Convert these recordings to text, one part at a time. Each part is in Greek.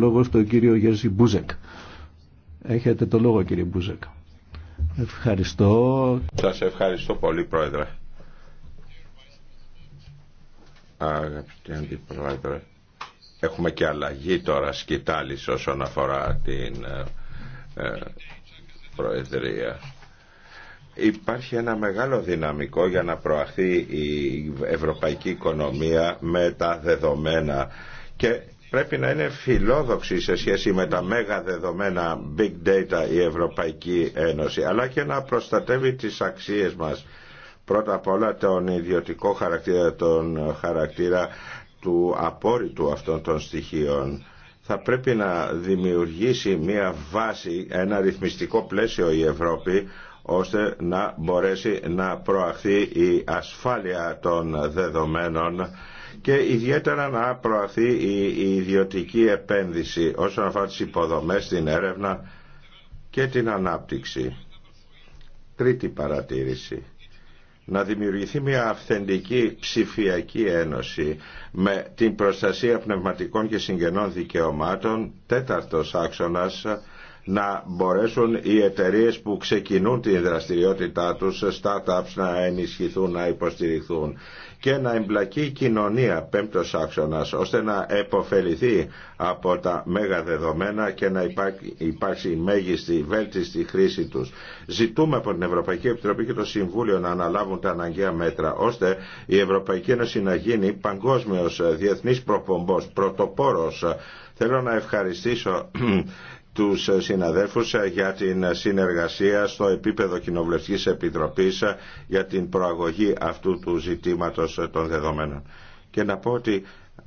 λόγο στον κύριο Γερσί Μπούζεκ. Έχετε το λόγο κύριε Μπούζεκ. Ευχαριστώ. Σας ευχαριστώ πολύ πρόεδρε. Αγαπητέ αντιπρόεδρε, έχουμε και αλλαγή τώρα σκητάλης όσον αφορά την ε, ε, προεδρία. Υπάρχει ένα μεγάλο δυναμικό για να προαχθεί η ευρωπαϊκή οικονομία με τα δεδομένα και πρέπει να είναι φιλόδοξη σε σχέση με τα μέγα δεδομένα big data η Ευρωπαϊκή Ένωση αλλά και να προστατεύει τις αξίες μας πρώτα απ' όλα τον ιδιωτικό χαρακτήρα τον χαρακτήρα του απόρριτου αυτών των στοιχείων θα πρέπει να δημιουργήσει μια βάση, ένα ρυθμιστικό πλαίσιο η Ευρώπη ώστε να μπορέσει να προαχθεί η ασφάλεια των δεδομένων και ιδιαίτερα να προαθεί η ιδιωτική επένδυση όσον αφορά τις υποδομές, την έρευνα και την ανάπτυξη. Τρίτη παρατήρηση να δημιουργηθεί μια αυθεντική ψηφιακή ένωση με την προστασία πνευματικών και συγγενών δικαιωμάτων, τέταρτος άξονας, να μπορέσουν οι εταιρείες που ξεκινούν την δραστηριότητά τους, startups, να ενισχυθούν, να υποστηριχθούν και να εμπλακεί η κοινωνία πέμπτος άξονας ώστε να επωφεληθεί από τα μέγα δεδομένα και να υπάρξει η μέγιστη, βέλτιστη χρήση τους. Ζητούμε από την Ευρωπαϊκή Επιτροπή και το Συμβούλιο να αναλάβουν τα αναγκαία μέτρα ώστε η Ευρωπαϊκή Ένωση να γίνει παγκόσμιος διεθνής προπομπός, πρωτοπόρος Θέλω να ευχαριστήσω τους συναδέλφους ε, για την συνεργασία στο επίπεδο Κοινοβουλευτικής Επιτροπής ε, για την προαγωγή αυτού του ζητήματος ε, των δεδομένων. Και να πω ότι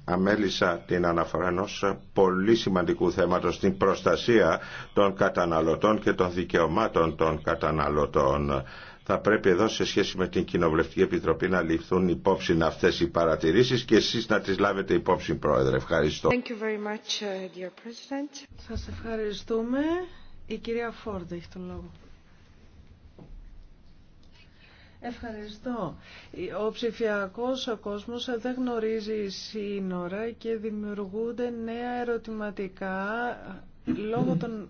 αμέλησα την αναφορά ενό πολύ σημαντικού θέματος στην προστασία των καταναλωτών και των δικαιωμάτων των καταναλωτών θα πρέπει εδώ σε σχέση με την Κοινοβουλευτική Επιτροπή να ληφθούν υπόψη αυτές οι παρατηρήσεις και εσείς να τις λάβετε υπόψη, Πρόεδρε. Ευχαριστώ. Thank much, uh, Σας ευχαριστούμε. Η κυρία Φόρντ έχει τον λόγο. Ευχαριστώ. Ο ψηφιακός κόσμος δεν γνωρίζει σύνορα και δημιουργούνται νέα ερωτηματικά λόγω των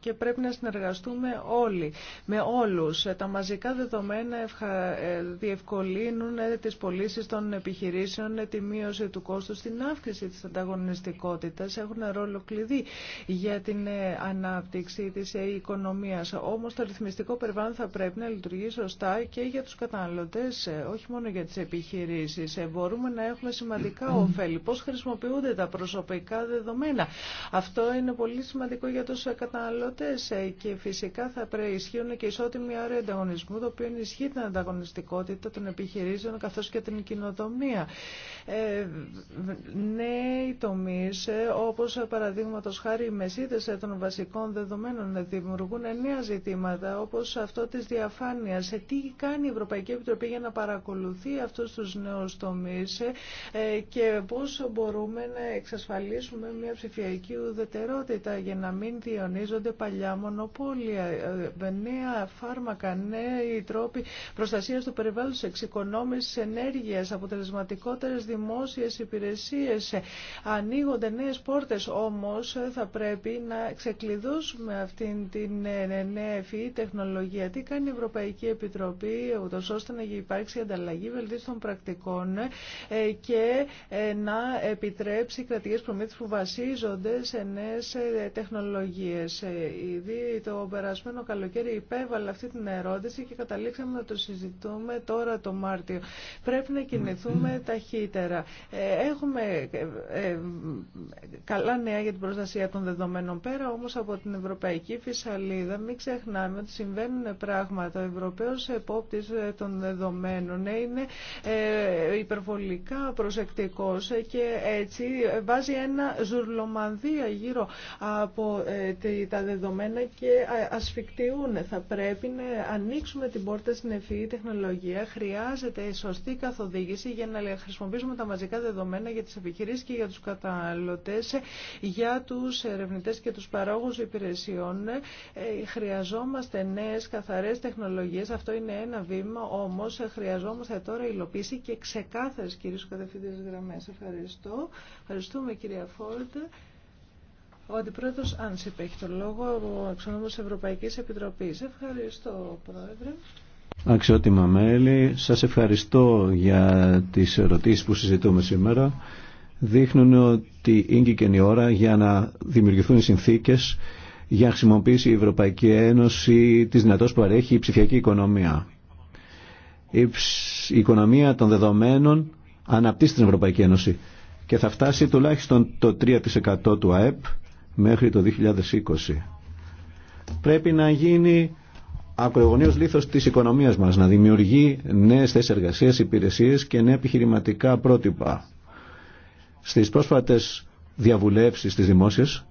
και πρέπει να συνεργαστούμε όλοι, με όλους. Τα μαζικά δεδομένα ε, διευκολύνουν ε, τις πωλήσει των επιχειρήσεων, ε, τη μείωση του κόστου, την αύξηση της ανταγωνιστικότητας, έχουν ρόλο κλειδί για την ανάπτυξη της οικονομίας. Όμως το ρυθμιστικό περιβάλλον θα πρέπει να λειτουργεί σωστά και για τους καταναλωτές, όχι μόνο για τις επιχειρήσεις. Μπορούμε να έχουμε σημαντικά ωφέλη. Πώς χρησιμοποιούνται τα προσωπικά δεδομένα. Αυτό είναι πολύ σημαντικό για τους καταναλωτές ε, και φυσικά θα πρέπει ισχύουν και ισότιμη ώρα ανταγωνισμού, το οποίο ενισχύει την ανταγωνιστικότητα των επιχειρήσεων καθώς και την κοινοτομία. Ε, νέοι τομείς, ε, όπως παραδείγματος χάρη οι μεσίδες ε, των βασικών δεδομένων, δημιουργούν νέα ζητήματα, όπως αυτό της διαφάνειας. τι κάνει η Ευρωπαϊκή Επιτροπή για να παρακολουθεί αυτούς τους νέους τομείς και πώς μπορούμε να εξασφαλίσουμε μια ψηφιακή ουδετερότητα για να μην διονίζονται παλιά μονοπόλια, ε, νέα φάρμακα, νέοι τρόποι προστασίας του περιβάλλοντος, εξοικονόμησης ενέργειας, αποτελεσματικότερες δημόσιες υπηρεσίες. Ε, ανοίγονται νέες πόρτες, όμως ε, θα πρέπει να ξεκλειδώσουμε αυτήν την νέα ευφυή τεχνολογία. Τι κάνει η Ευρωπαϊκή Επιτροπή, ούτως ώστε να υπάρξει ανταλλαγή βελτίστων πρακτικών και να επιτρέψει κρατικέ προμήθειες που βασίζονται σε νέε τεχνολογίες ήδη το περασμένο καλοκαίρι υπέβαλε αυτή την ερώτηση και καταλήξαμε να το συζητούμε τώρα το Μάρτιο. Πρέπει να κινηθούμε ταχύτερα. Ε, έχουμε ε, ε, καλά νέα για την προστασία των δεδομένων πέρα, όμως από την Ευρωπαϊκή Φυσαλίδα μην ξεχνάμε ότι συμβαίνουν πράγματα. Ο Ευρωπαίος επόπτης των δεδομένων είναι υπερβολικά προσεκτικός και έτσι βάζει ένα ζουρλομανδία γύρω από τα δεδομένα δεδομένα και ασφικτιούν. Θα πρέπει να ανοίξουμε την πόρτα στην ευφυή τεχνολογία. Χρειάζεται σωστή καθοδήγηση για να χρησιμοποιήσουμε τα μαζικά δεδομένα για τις επιχειρήσεις και για τους καταναλωτές, για τους ερευνητέ και τους παρόχους υπηρεσιών. Ε, χρειαζόμαστε νέες καθαρές τεχνολογίες. Αυτό είναι ένα βήμα, όμως χρειαζόμαστε τώρα υλοποίηση και ξεκάθαρες κυρίως κατευθυντές γραμμές. Ευχαριστώ. Ευχαριστούμε κυρία Φόρντ. Ο Αντιπρόεδρο Άνσιπ έχει το λόγο, ο εξονόμος Ευρωπαϊκή Επιτροπή. Ευχαριστώ, Πρόεδρε. Αξιότιμα μέλη, Σα ευχαριστώ για τι ερωτήσει που συζητούμε σήμερα. Δείχνουν ότι και η ώρα για να δημιουργηθούν οι συνθήκες για να χρησιμοποιήσει η Ευρωπαϊκή Ένωση τι δυνατότητε που παρέχει η ψηφιακή οικονομία. Η οικονομία των δεδομένων αναπτύσσει την Ευρωπαϊκή Ένωση και θα φτάσει τουλάχιστον το 3% του ΑΕΠ μέχρι το 2020. Πρέπει να γίνει ακρογωνίως λίθος της οικονομίας μας, να δημιουργεί νέες θέσεις εργασίας, υπηρεσίες και νέα επιχειρηματικά πρότυπα. Στις πρόσφατες διαβουλεύσεις της δημόσιας,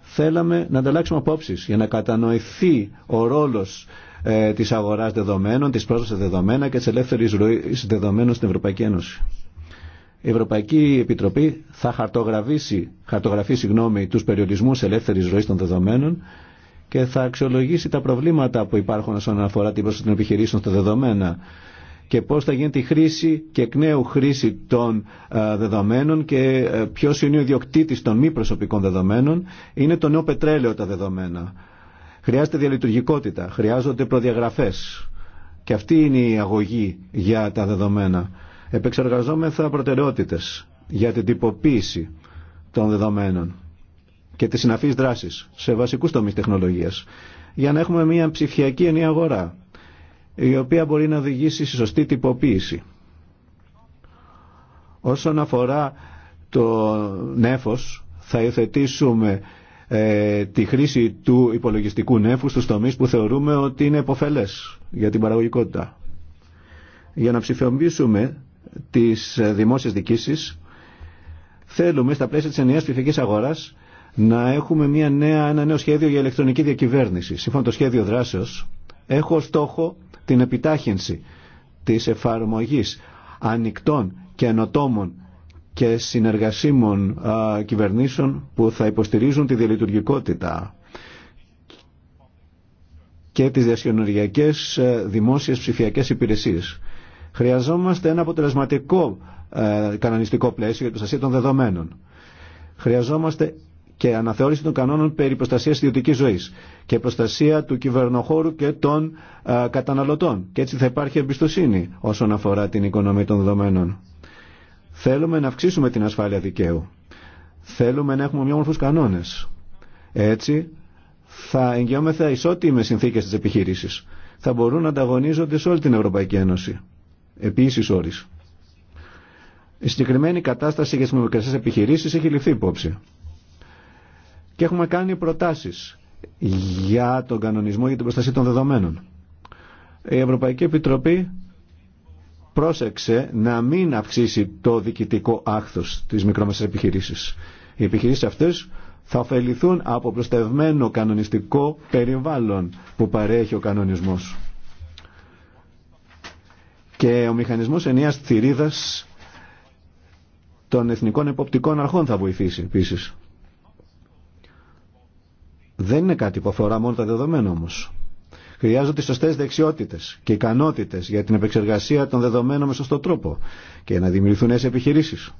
θέλαμε να ανταλλάξουμε απόψεις για να κατανοηθεί ο ρόλος ε, της αγοράς δεδομένων, της πρόσβασης δεδομένα και της ελεύθερης ροής δεδομένων στην Ευρωπαϊκή Ένωση η Ευρωπαϊκή Επιτροπή θα χαρτογραφήσει, χαρτογραφεί συγγνώμη, τους περιορισμούς ελεύθερης ροής των δεδομένων και θα αξιολογήσει τα προβλήματα που υπάρχουν όσον αφορά την πρόσθεση των επιχειρήσεων στα δεδομένα και πώς θα γίνεται η χρήση και εκ νέου χρήση των ε, δεδομένων και ε, ποιος είναι ο ιδιοκτήτης των μη προσωπικών δεδομένων. Είναι το νέο πετρέλαιο τα δεδομένα. Χρειάζεται διαλειτουργικότητα, χρειάζονται προδιαγραφές. Και αυτή είναι η αγωγή για τα δεδομένα επεξεργαζόμεθα προτεραιότητες για την τυποποίηση των δεδομένων και τη συναφείς δράσεις σε βασικούς τομείς τεχνολογίας για να έχουμε μια ψηφιακή ενή αγορά η οποία μπορεί να οδηγήσει στη σωστή τυποποίηση. Όσον αφορά το νέφος θα υιοθετήσουμε ε, τη χρήση του υπολογιστικού νέφου στου τομεί που θεωρούμε ότι είναι υποφελέ για την παραγωγικότητα. Για να ψηφιοποιήσουμε της ε, δημόσιας δικήσης. θέλουμε στα πλαίσια της ενιαίας ψηφιακής αγοράς να έχουμε μια νέα, ένα νέο σχέδιο για ηλεκτρονική διακυβέρνηση. Σύμφωνα το σχέδιο δράσεως έχω στόχο την επιτάχυνση της εφαρμογής ανοιχτών και ενωτόμων και συνεργασίμων κυβερνήσεων που θα υποστηρίζουν τη διαλειτουργικότητα και τις διασυνοριακές ε, δημόσιες ψηφιακές υπηρεσίες. Χρειαζόμαστε ένα αποτελεσματικό ε, κανονιστικό πλαίσιο για την προστασία των δεδομένων. Χρειαζόμαστε και αναθεώρηση των κανόνων περί προστασίας ιδιωτικής ζωής και προστασία του κυβερνοχώρου και των ε, καταναλωτών. Και έτσι θα υπάρχει εμπιστοσύνη όσον αφορά την οικονομία των δεδομένων. Θέλουμε να αυξήσουμε την ασφάλεια δικαίου. Θέλουμε να έχουμε ομοιόμορφους κανόνες. Έτσι θα εγγυόμεθα ισότιμες συνθήκες της επιχείρησης. Θα μπορούν να ανταγωνίζονται σε όλη την Ευρωπαϊκή Ένωση. Επίση όρης. Η συγκεκριμένη κατάσταση για τις μικρομεσαίες επιχειρήσεις έχει ληφθεί υπόψη. Και έχουμε κάνει προτάσεις για τον κανονισμό για την προστασία των δεδομένων. Η Ευρωπαϊκή Επιτροπή πρόσεξε να μην αυξήσει το διοικητικό άχθος τη μικρομεσαίες επιχειρήση. Οι επιχειρήσεις αυτές θα ωφεληθούν από προστευμένο κανονιστικό περιβάλλον που παρέχει ο κανονισμός και ο μηχανισμός ενιαίας θηρίδας των εθνικών εποπτικών αρχών θα βοηθήσει επίσης. Δεν είναι κάτι που αφορά μόνο τα δεδομένα όμως. Χρειάζονται σωστέ δεξιότητε και ικανότητε για την επεξεργασία των δεδομένων με σωστό τρόπο και να δημιουργηθούν νέε επιχειρήσει.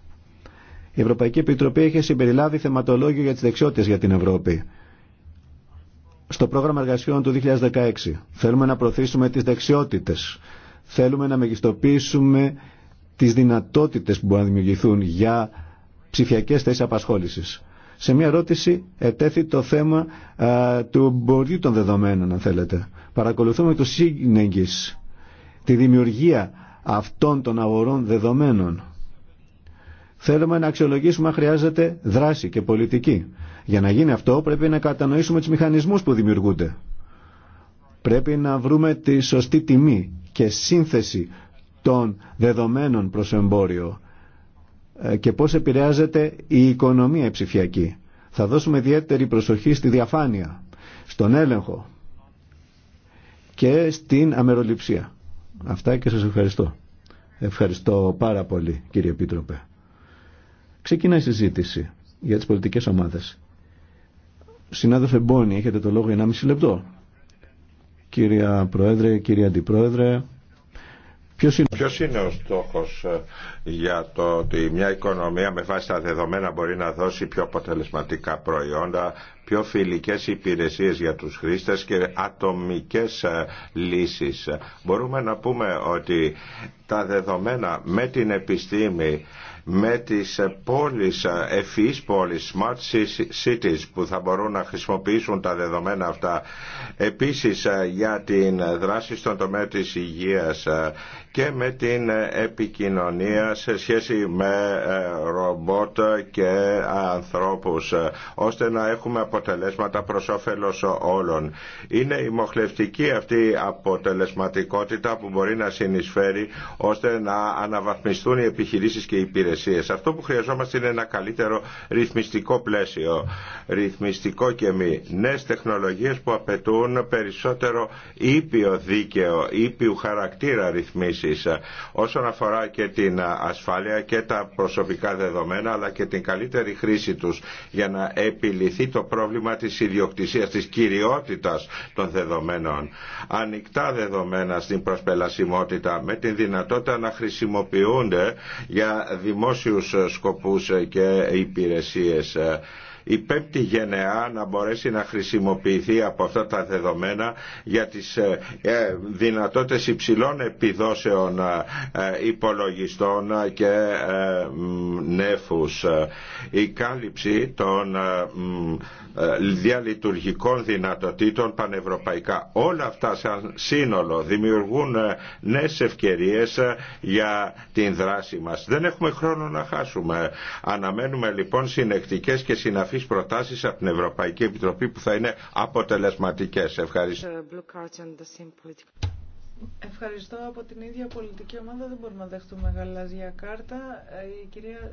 Η Ευρωπαϊκή Επιτροπή έχει συμπεριλάβει θεματολόγιο για τι δεξιότητε για την Ευρώπη στο πρόγραμμα εργασιών του 2016. Θέλουμε να προωθήσουμε τι δεξιότητε Θέλουμε να μεγιστοποιήσουμε τις δυνατότητες που μπορούν να δημιουργηθούν για ψηφιακές θέσεις απασχόλησης. Σε μια ερώτηση ετέθη το θέμα α, του μπορεί των δεδομένων, αν θέλετε. Παρακολουθούμε το σύγνεγγις, τη δημιουργία αυτών των αγορών δεδομένων. Θέλουμε να αξιολογήσουμε αν χρειάζεται δράση και πολιτική. Για να γίνει αυτό πρέπει να κατανοήσουμε τους μηχανισμούς που δημιουργούνται. Πρέπει να βρούμε τη σωστή τιμή και σύνθεση των δεδομένων προς εμπόριο ε, και πώς επηρεάζεται η οικονομία ψηφιακή. Θα δώσουμε ιδιαίτερη προσοχή στη διαφάνεια, στον έλεγχο και στην αμεροληψία. Αυτά και σας ευχαριστώ. Ευχαριστώ πάρα πολύ κύριε Επίτροπε. Ξεκινάει η συζήτηση για τις πολιτικές ομάδες. Συνάδελφε Μπόνη, έχετε το λόγο 1,5 λεπτό. Κυρία Πρόεδρε, κύριε Αντιπρόεδρε, Ποιος είναι... Ποιος είναι ο στόχος ε, για το ότι μια οικονομία με βάση τα δεδομένα μπορεί να δώσει πιο αποτελεσματικά προϊόντα, πιο φιλικές υπηρεσίες για τους χρήστες και ατομικές ε, λύσεις. Μπορούμε να πούμε ότι τα δεδομένα με την επιστήμη με τις πόλεις, ευφυείς πόλεις, smart cities που θα μπορούν να χρησιμοποιήσουν τα δεδομένα αυτά. Επίσης για την δράση στον τομέα της υγείας και με την επικοινωνία σε σχέση με ε, ρομπότ και ανθρώπους ώστε να έχουμε αποτελέσματα προς όφελος όλων. Είναι η μοχλευτική αυτή αποτελεσματικότητα που μπορεί να συνεισφέρει ώστε να αναβαθμιστούν οι επιχειρήσεις και οι υπηρεσίες. Αυτό που χρειαζόμαστε είναι ένα καλύτερο ρυθμιστικό πλαίσιο, ρυθμιστικό και μη. Νέες τεχνολογίες που απαιτούν περισσότερο ήπιο δίκαιο, ήπιου χαρακτήρα ρυθμίσεις ε, όσον αφορά και την ε, ασφάλεια και τα προσωπικά δεδομένα αλλά και την καλύτερη χρήση τους για να επιληθεί το πρόβλημα της ιδιοκτησίας, της κυριότητας των δεδομένων. Ανοιχτά δεδομένα στην προσπελασιμότητα με την δυνατότητα να χρησιμοποιούνται για δημόσιους σκοπούς και υπηρεσίες. Ε, η πέμπτη γενεά να μπορέσει να χρησιμοποιηθεί από αυτά τα δεδομένα για τις ε, ε, δυνατότητες υψηλών επιδόσεων ε, υπολογιστών και νέφους. Η κάλυψη των διαλειτουργικών δυνατοτήτων πανευρωπαϊκά. Όλα αυτά σαν σύνολο δημιουργούν ε, νέες ευκαιρίες ε, για την δράση μας. Δεν έχουμε χρόνο να χάσουμε. Αναμένουμε λοιπόν συνεκτικές και συναφείς προτάσεις από την Ευρωπαϊκή Επιτροπή που θα είναι αποτελεσματικές. Ευχαριστώ. Ευχαριστώ. Από την ίδια πολιτική ομάδα δεν μπορούμε να δεχτούμε γαλάζια κάρτα. Ε, η κυρία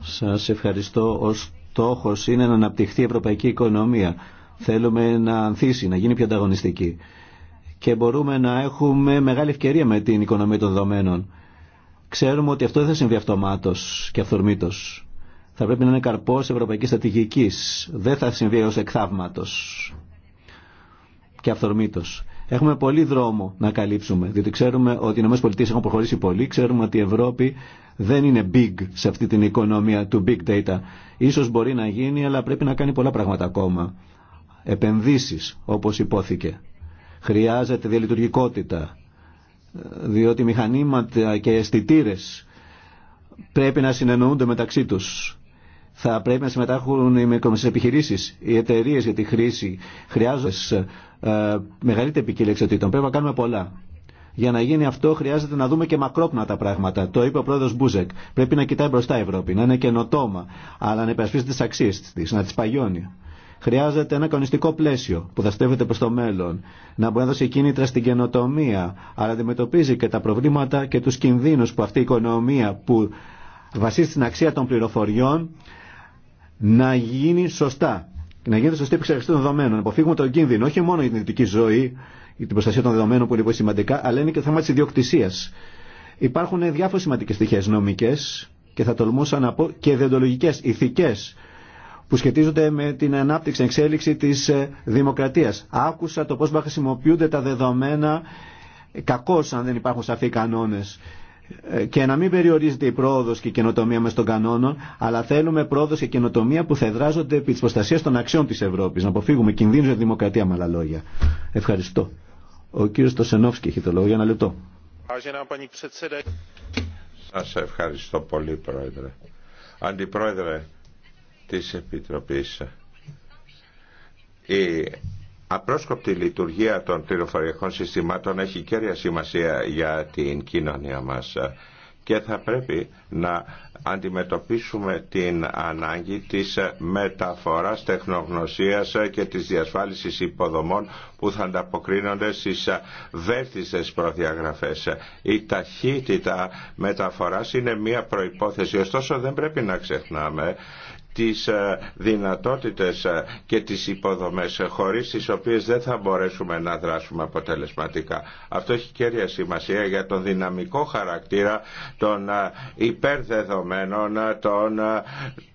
σας ευχαριστώ. Ο στόχος είναι να αναπτυχθεί η ευρωπαϊκή οικονομία. Θέλουμε να ανθίσει, να γίνει πιο ανταγωνιστική. Και μπορούμε να έχουμε μεγάλη ευκαιρία με την οικονομία των δεδομένων. Ξέρουμε ότι αυτό δεν θα συμβεί αυτομάτως και αυθορμήτως. Θα πρέπει να είναι καρπός ευρωπαϊκής στρατηγικής. Δεν θα συμβεί ως εκθαύματος και αυθορμήτως. Έχουμε πολύ δρόμο να καλύψουμε, διότι ξέρουμε ότι οι ΗΠΑ έχουν προχωρήσει πολύ, ξέρουμε ότι η Ευρώπη δεν είναι big σε αυτή την οικονομία του big data. Ίσως μπορεί να γίνει, αλλά πρέπει να κάνει πολλά πράγματα ακόμα. Επενδύσεις, όπως υπόθηκε. Χρειάζεται διαλειτουργικότητα, διότι μηχανήματα και αισθητήρε πρέπει να συνεννοούνται μεταξύ τους θα πρέπει να συμμετάχουν οι μικρομεσαίες επιχειρήσεις, οι εταιρείε για τη χρήση. Χρειάζονται ε, μεγαλύτερη επικοινωνία. Πρέπει να κάνουμε πολλά. Για να γίνει αυτό χρειάζεται να δούμε και μακρόπνα τα πράγματα. Το είπε ο πρόεδρο Μπούζεκ. Πρέπει να κοιτάει μπροστά η Ευρώπη, να είναι καινοτόμα, αλλά να υπερασπίζεται τι αξίε τη, να τι παγιώνει. Χρειάζεται ένα κανονιστικό πλαίσιο που θα στρέφεται προ το μέλλον, να μπορεί να δώσει κίνητρα στην καινοτομία, αλλά αντιμετωπίζει και τα προβλήματα και του κινδύνου που αυτή η οικονομία που βασίζεται στην αξία των πληροφοριών να γίνει σωστά. Να γίνεται σωστή επεξεργασία των δεδομένων. Να αποφύγουμε τον κίνδυνο, όχι μόνο για την ιδιωτική ζωή, για την προστασία των δεδομένων που είναι πολύ σημαντικά, αλλά είναι και το θέμα τη ιδιοκτησία. Υπάρχουν διάφορε σημαντικέ στοιχείε νομικέ και θα τολμούσα να πω και διοντολογικέ, ηθικέ, που σχετίζονται με την ανάπτυξη, εξέλιξη τη ε, δημοκρατία. Άκουσα το πώ χρησιμοποιούνται τα δεδομένα κακώ αν δεν υπάρχουν σαφή κανόνε και να μην περιορίζεται η πρόοδο και η καινοτομία με στον κανόνα, αλλά θέλουμε πρόοδο και καινοτομία που θα εδράζονται επί τη προστασία των αξιών τη Ευρώπη. Να αποφύγουμε κινδύνου για τη δημοκρατία, με άλλα λόγια. Ευχαριστώ. Ο κύριο Τωσενόφσκι έχει το λόγο για ένα λεπτό. Σα ευχαριστώ πολύ, Πρόεδρε. Αντιπρόεδρε τη Επιτροπή απρόσκοπτη λειτουργία των πληροφοριακών συστημάτων έχει κέρια σημασία για την κοινωνία μας και θα πρέπει να αντιμετωπίσουμε την ανάγκη της μεταφοράς τεχνογνωσίας και της διασφάλισης υποδομών που θα ανταποκρίνονται στις βέλτιστες προδιαγραφές. Η ταχύτητα μεταφοράς είναι μία προϋπόθεση, ωστόσο δεν πρέπει να ξεχνάμε τις ε, δυνατότητες ε, και τις υποδομές ε, χωρίς τις οποίες δεν θα μπορέσουμε να δράσουμε αποτελεσματικά. Αυτό έχει κέρια σημασία για τον δυναμικό χαρακτήρα των υπερδεδομένων των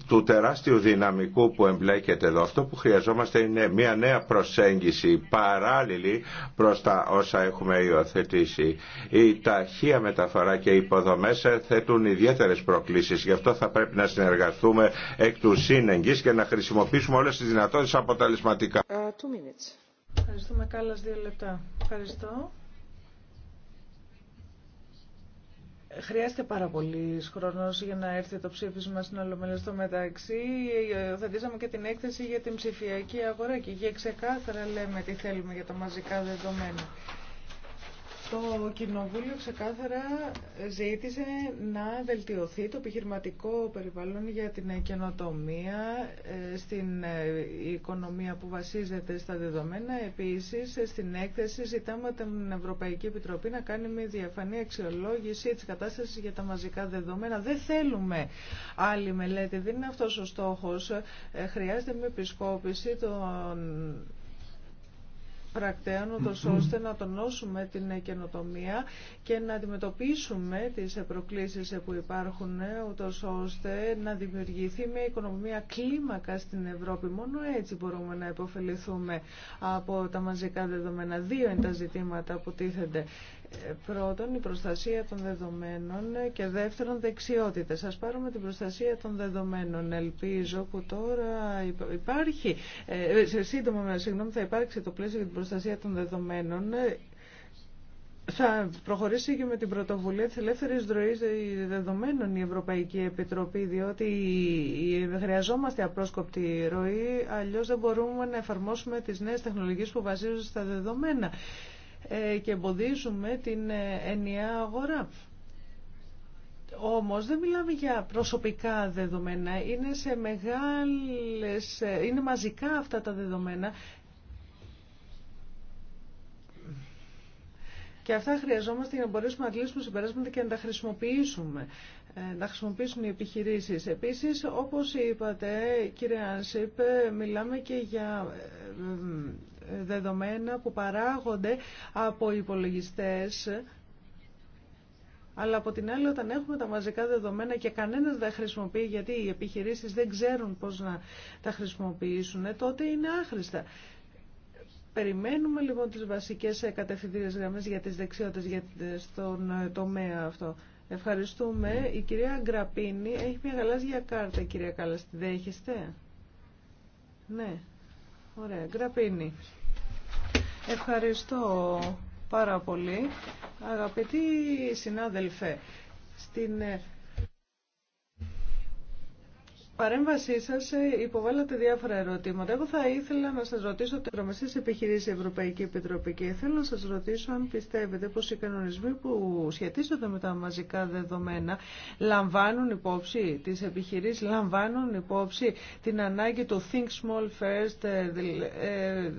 του τεράστιου δυναμικού που εμπλέκεται εδώ. Αυτό που χρειαζόμαστε είναι μια νέα προσέγγιση παράλληλη προς τα όσα έχουμε υιοθετήσει. Η ταχεία μεταφορά και οι υποδομές θέτουν ιδιαίτερες προκλήσεις. Γι' αυτό θα πρέπει να συνεργαστούμε εκ του σύνεγγυς και να χρησιμοποιήσουμε όλες τις δυνατότητες αποτελεσματικά. Ε, Χρειάζεται πάρα πολύ χρόνο για να έρθει το ψήφισμα στην Ολομέλεια. Στο μεταξύ, δίσαμε και την έκθεση για την ψηφιακή αγορά και για ξεκάθαρα λέμε τι θέλουμε για τα μαζικά δεδομένα. Το Κοινοβούλιο ξεκάθαρα ζήτησε να βελτιωθεί το επιχειρηματικό περιβάλλον για την καινοτομία ε, στην ε, οικονομία που βασίζεται στα δεδομένα. Επίσης, ε, στην έκθεση ζητάμε την Ευρωπαϊκή Επιτροπή να κάνει μια διαφανή αξιολόγηση της κατάστασης για τα μαζικά δεδομένα. Δεν θέλουμε άλλη μελέτη, δεν είναι αυτός ο στόχος. Χρειάζεται μια επισκόπηση των πρακτέων, ούτως ώστε να τονώσουμε την καινοτομία και να αντιμετωπίσουμε τις προκλήσεις που υπάρχουν, ε, ούτως ώστε να δημιουργηθεί μια οικονομία κλίμακα στην Ευρώπη. Μόνο έτσι μπορούμε να υποφεληθούμε από τα μαζικά δεδομένα. Δύο είναι τα ζητήματα που τίθενται. Πρώτον, η προστασία των δεδομένων και δεύτερον, δεξιότητες. Ας πάρουμε την προστασία των δεδομένων. Ελπίζω που τώρα υπάρχει, ε, σε σύντομα, συγγνώμη, θα υπάρξει το πλαίσιο για την προστασία των δεδομένων θα προχωρήσει και με την πρωτοβουλία της ελεύθερης δροής δεδομένων η Ευρωπαϊκή Επιτροπή, διότι χρειαζόμαστε απρόσκοπτη ροή, αλλιώς δεν μπορούμε να εφαρμόσουμε τις νέες τεχνολογίες που βασίζονται στα δεδομένα. Ε, και εμποδίζουμε την ε, ενιαία αγορά. Όμως δεν μιλάμε για προσωπικά δεδομένα, είναι, σε μεγάλες, ε, είναι μαζικά αυτά τα δεδομένα Και αυτά χρειαζόμαστε για να μπορέσουμε να κλείσουμε συμπεράσματα και να τα χρησιμοποιήσουμε, να χρησιμοποιήσουν οι επιχειρήσεις. Επίσης, όπως είπατε, κύριε Άνσιπ, μιλάμε και για δεδομένα που παράγονται από υπολογιστές αλλά από την άλλη όταν έχουμε τα μαζικά δεδομένα και κανένας δεν τα χρησιμοποιεί γιατί οι επιχειρήσεις δεν ξέρουν πώς να τα χρησιμοποιήσουν, ε, τότε είναι άχρηστα. Περιμένουμε λοιπόν τις βασικές ε, κατευθυντήριες γραμμές για τις δεξιότητες για ε, στον τομέα αυτό. Ευχαριστούμε. Η κυρία Γκραπίνη έχει μια γαλάζια κάρτα, κυρία Κάλλας. Τη δέχεστε? Ναι. Ωραία. Γκραπίνη. Ευχαριστώ πάρα πολύ. Αγαπητοί συνάδελφε, στην ε, παρέμβασή σας ε, υποβάλλατε διάφορα ερωτήματα. Εγώ θα ήθελα να σας ρωτήσω το επιχειρήσεις επιχειρήσει Ευρωπαϊκή Επιτροπή και θέλω να σας ρωτήσω αν πιστεύετε πως οι κανονισμοί που σχετίζονται με τα μαζικά δεδομένα λαμβάνουν υπόψη, τις επιχειρήσεις λαμβάνουν υπόψη την ανάγκη του Think Small First, ε,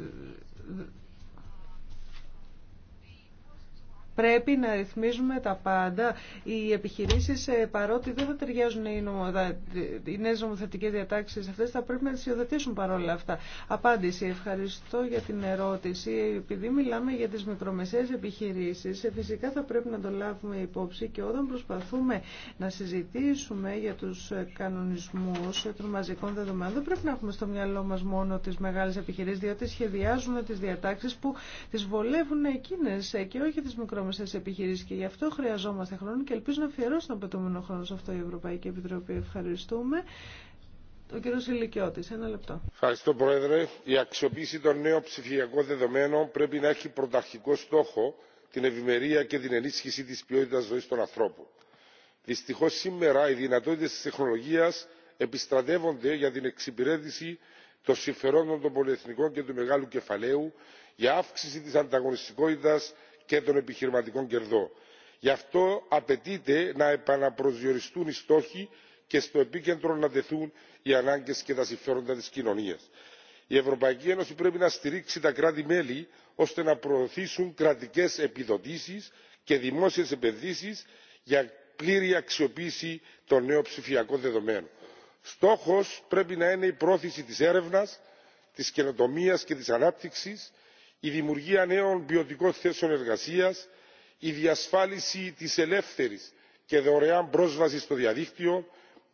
πρέπει να ρυθμίζουμε τα πάντα. Οι επιχειρήσει ε, παρότι δεν θα ταιριάζουν οι, νομοθετικέ οι νέες διατάξεις αυτές θα πρέπει να τι υιοθετήσουν παρόλα αυτά. Απάντηση. Ευχαριστώ για την ερώτηση. Επειδή μιλάμε για τι μικρομεσαίες επιχειρήσει. Ε, φυσικά θα πρέπει να το λάβουμε υπόψη και όταν προσπαθούμε να συζητήσουμε για του ε, κανονισμού των μαζικών δεδομένων, δεν πρέπει να έχουμε στο μυαλό μα μόνο τι μεγάλε επιχειρήσει, διότι σχεδιάζουμε τι διατάξει που τι βολεύουν εκείνε και όχι τι μικρομεσαίε στι επιχειρήσει και γι' αυτό χρειαζόμαστε χρόνο και ελπίζω να αφιερώσει τον πετούμενο χρόνο σε αυτό η Ευρωπαϊκή Επιτροπή. Ευχαριστούμε. Ο κ. Ηλικιώτη, ένα λεπτό. Ευχαριστώ Πρόεδρε. Η αξιοποίηση των νέων ψηφιακών δεδομένων πρέπει να έχει πρωταρχικό στόχο την ευημερία και την ενίσχυση τη ποιότητα ζωή των ανθρώπων. Δυστυχώ, σήμερα οι δυνατότητε τη τεχνολογία επιστρατεύονται για την εξυπηρέτηση των συμφερόντων των πολυεθνικών και του μεγάλου κεφαλαίου για αύξηση της ανταγωνιστικότητας και των επιχειρηματικών κερδών. γι' αυτό απαιτείται να επαναπροσδιοριστούν οι στόχοι και στο επίκεντρο να τεθούν οι ανάγκε και τα συμφέροντα τη κοινωνία. η ευρωπαϊκή ένωση πρέπει να στηρίξει τα κράτη μέλη ώστε να προωθήσουν κρατικές επιδοτήσεις και δημόσιε επενδύσει για πλήρη αξιοποίηση των νέων ψηφιακών δεδομένων. στόχο πρέπει να είναι η πρόθεση τη έρευνα τη καινοτομία και τη ανάπτυξη η δημιουργία νέων ποιοτικών θέσεων εργασία η διασφάλιση τη ελεύθερη και δωρεάν πρόσβαση στο διαδίκτυο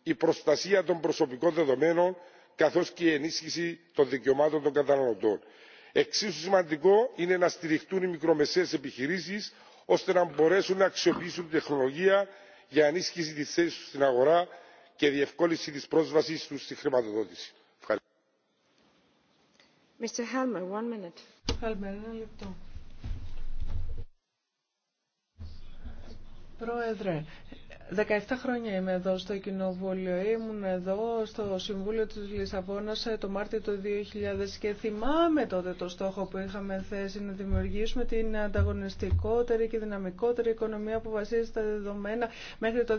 η προστασία των προσωπικών δεδομένων καθώ και η ενίσχυση των δικαιωμάτων των καταναλωτών. εξίσου σημαντικό είναι να στηριχτούν οι μικρομεσαίε επιχειρήσει ώστε να μπορέσουν να αξιοποιήσουν τεχνολογία για ενίσχυση τη θέση του στην αγορά και διευκόλυνση τη πρόσβαση του στη χρηματοδότηση. Mr. Helmer, ένα λεπτό. Πρόεδρε, 17 χρόνια είμαι εδώ στο Κοινοβούλιο. Ήμουν εδώ στο Συμβούλιο της Λισαβόνας ε, το Μάρτιο του 2000 και θυμάμαι τότε το στόχο που είχαμε θέσει να δημιουργήσουμε την ανταγωνιστικότερη και δυναμικότερη οικονομία που βασίζεται στα δεδομένα μέχρι το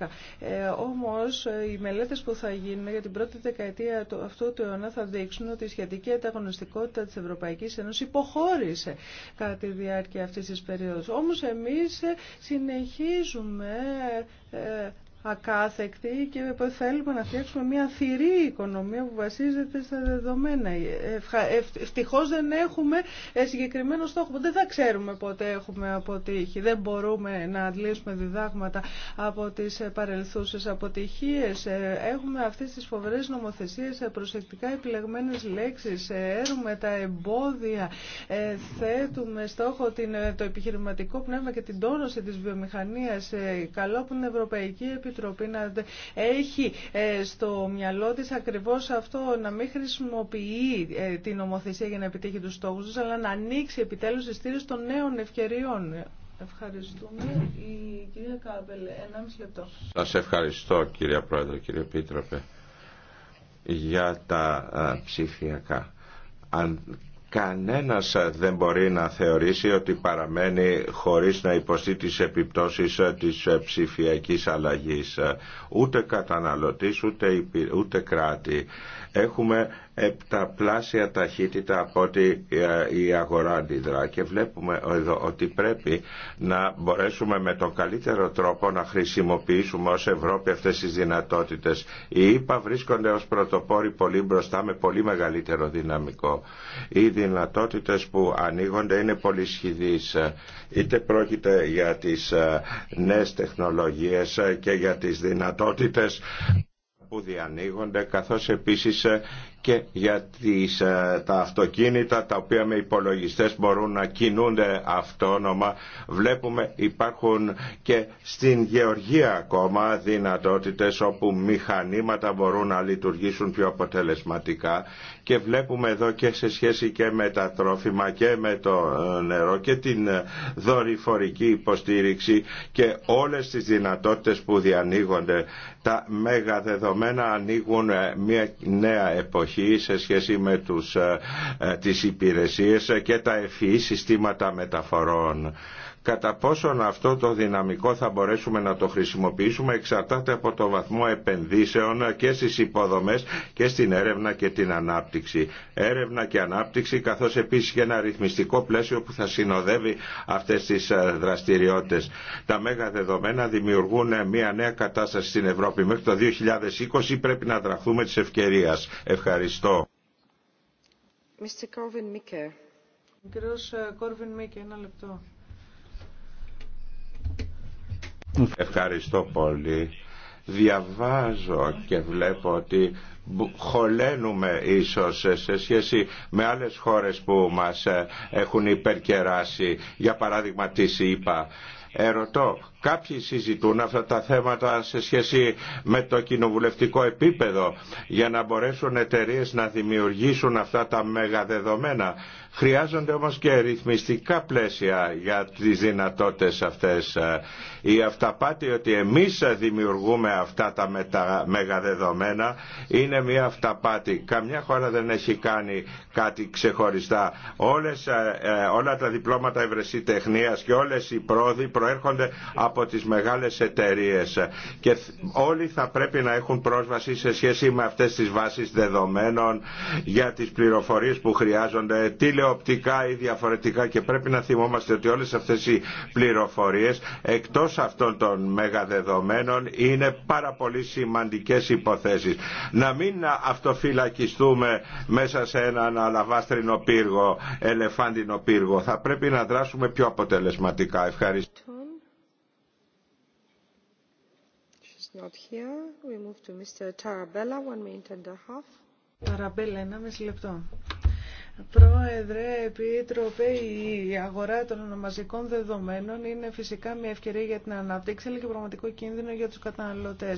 2010. Ε, όμως ε, οι μελέτες που θα γίνουν για την πρώτη δεκαετία του, αυτού του αιώνα θα δείξουν ότι η σχετική ανταγωνιστικότητα της Ευρωπαϊκής Ένωσης υποχώρησε κατά τη διάρκεια αυτής της περίοδου. Όμως εμείς ε, συνεχίζουμε ε, ε ακάθεκτη και θέλουμε να φτιάξουμε μια θηρή οικονομία που βασίζεται στα δεδομένα. Ευτυχώ δεν έχουμε ε, συγκεκριμένο στόχο. Δεν θα ξέρουμε πότε έχουμε αποτύχει. Δεν μπορούμε να αντλήσουμε διδάγματα από τι παρελθούσε αποτυχίε. Ε, έχουμε αυτές τις φοβερέ νομοθεσίε, ε, προσεκτικά επιλεγμένε λέξει. έρουμε τα εμπόδια, θέτουμε στόχο το επιχειρηματικό πνεύμα και την τόνωση τη βιομηχανία Καλό που την Ευρωπαϊκή Επιτροπή Επιτροπή να έχει ε, στο μυαλό της ακριβώς αυτό, να μην χρησιμοποιεί ε, την νομοθεσία για να επιτύχει τους στόχους τους, αλλά να ανοίξει επιτέλους τη στήριξη των νέων ευκαιριών. Ευχαριστούμε. Η κυρία Κάμπελ, 1,5 λεπτό. Σας ευχαριστώ κυρία Πρόεδρε, κύριε Επίτροπε, για τα ε, ψηφιακά. Αν Κανένας ε, δεν μπορεί να θεωρήσει ότι παραμένει χωρίς να υποστεί τις επιπτώσεις ε, της ε, ψηφιακής αλλαγής. Ούτε καταναλωτής, ούτε, ούτε κράτη. Έχουμε επταπλάσια ταχύτητα από ότι ε, η αγορά αντιδρά και βλέπουμε εδώ ότι πρέπει να μπορέσουμε με τον καλύτερο τρόπο να χρησιμοποιήσουμε ως Ευρώπη αυτές τις δυνατότητες. Οι ΙΠΑ βρίσκονται ως πρωτοπόροι πολύ μπροστά με πολύ μεγαλύτερο δυναμικό. Οι δυνατότητες που ανοίγονται είναι πολύ σχηδείς. Είτε πρόκειται για τις ε, νέες τεχνολογίες ε, και για τις δυνατότητες που διανοίγονται καθώς επίσης ε, και για τις, ε, τα αυτοκίνητα τα οποία με υπολογιστές μπορούν να κινούνται αυτόνομα. Βλέπουμε υπάρχουν και στην γεωργία ακόμα δυνατότητες όπου μηχανήματα μπορούν να λειτουργήσουν πιο αποτελεσματικά και βλέπουμε εδώ και σε σχέση και με τα τρόφιμα και με το ε, νερό και την ε, δορυφορική υποστήριξη και όλες τις δυνατότητες που διανοίγονται. Τα μεγαδεδομένα ανοίγουν ε, μια νέα εποχή σε σχέση με τους, τις υπηρεσίες και τα ευφυή συστήματα μεταφορών. Κατά πόσον αυτό το δυναμικό θα μπορέσουμε να το χρησιμοποιήσουμε εξαρτάται από το βαθμό επενδύσεων και στις υποδομές και στην έρευνα και την ανάπτυξη. Έρευνα και ανάπτυξη καθώς επίσης και ένα ρυθμιστικό πλαίσιο που θα συνοδεύει αυτές τις ε, δραστηριότητες. Τα μέγα δεδομένα δημιουργούν ε, μια νέα κατάσταση στην Ευρώπη. Μέχρι το 2020 πρέπει να δραχθούμε της ευκαιρίας. Ευχαριστώ. Mr. Κύριος Κόρβιν Μίκε, ένα λεπτό. Ευχαριστώ πολύ. Διαβάζω και βλέπω ότι χωλένουμε ίσως σε σχέση με άλλες χώρες που μας ε, έχουν υπερκεράσει, για παράδειγμα τι είπα, Ερωτώ, Κάποιοι συζητούν αυτά τα θέματα σε σχέση με το κοινοβουλευτικό επίπεδο για να μπορέσουν εταιρείε να δημιουργήσουν αυτά τα μεγαδεδομένα. Χρειάζονται όμως και ρυθμιστικά πλαίσια για τις δυνατότητες αυτές. Η αυταπάτη ότι εμείς δημιουργούμε αυτά τα μεγαδεδομένα είναι μια αυταπάτη. Καμιά χώρα δεν έχει κάνει κάτι ξεχωριστά. Όλες, ε, ε, όλα τα διπλώματα ευρεσιτεχνίας και όλες οι πρόοδοι προέρχονται από από τις μεγάλες εταιρείες και όλοι θα πρέπει να έχουν πρόσβαση σε σχέση με αυτές τις βάσεις δεδομένων για τις πληροφορίες που χρειάζονται τηλεοπτικά ή διαφορετικά και πρέπει να θυμόμαστε ότι όλες αυτές οι πληροφορίες εκτός αυτών των μεγαδεδομένων είναι πάρα πολύ σημαντικές υποθέσεις. Να μην αυτοφυλακιστούμε μέσα σε έναν αλαβάστρινο πύργο, ελεφάντινο πύργο. Θα πρέπει να δράσουμε πιο αποτελεσματικά. Ευχαριστώ. not here. We move to Mr. Tarabella, one minute and a half. Tarabella, ένα μισή λεπτό. Πρόεδρε, Επίτροπε, η αγορά των ονομαζικών δεδομένων είναι φυσικά μια ευκαιρία για την ανάπτυξη αλλά και πραγματικό κίνδυνο για του καταναλωτέ.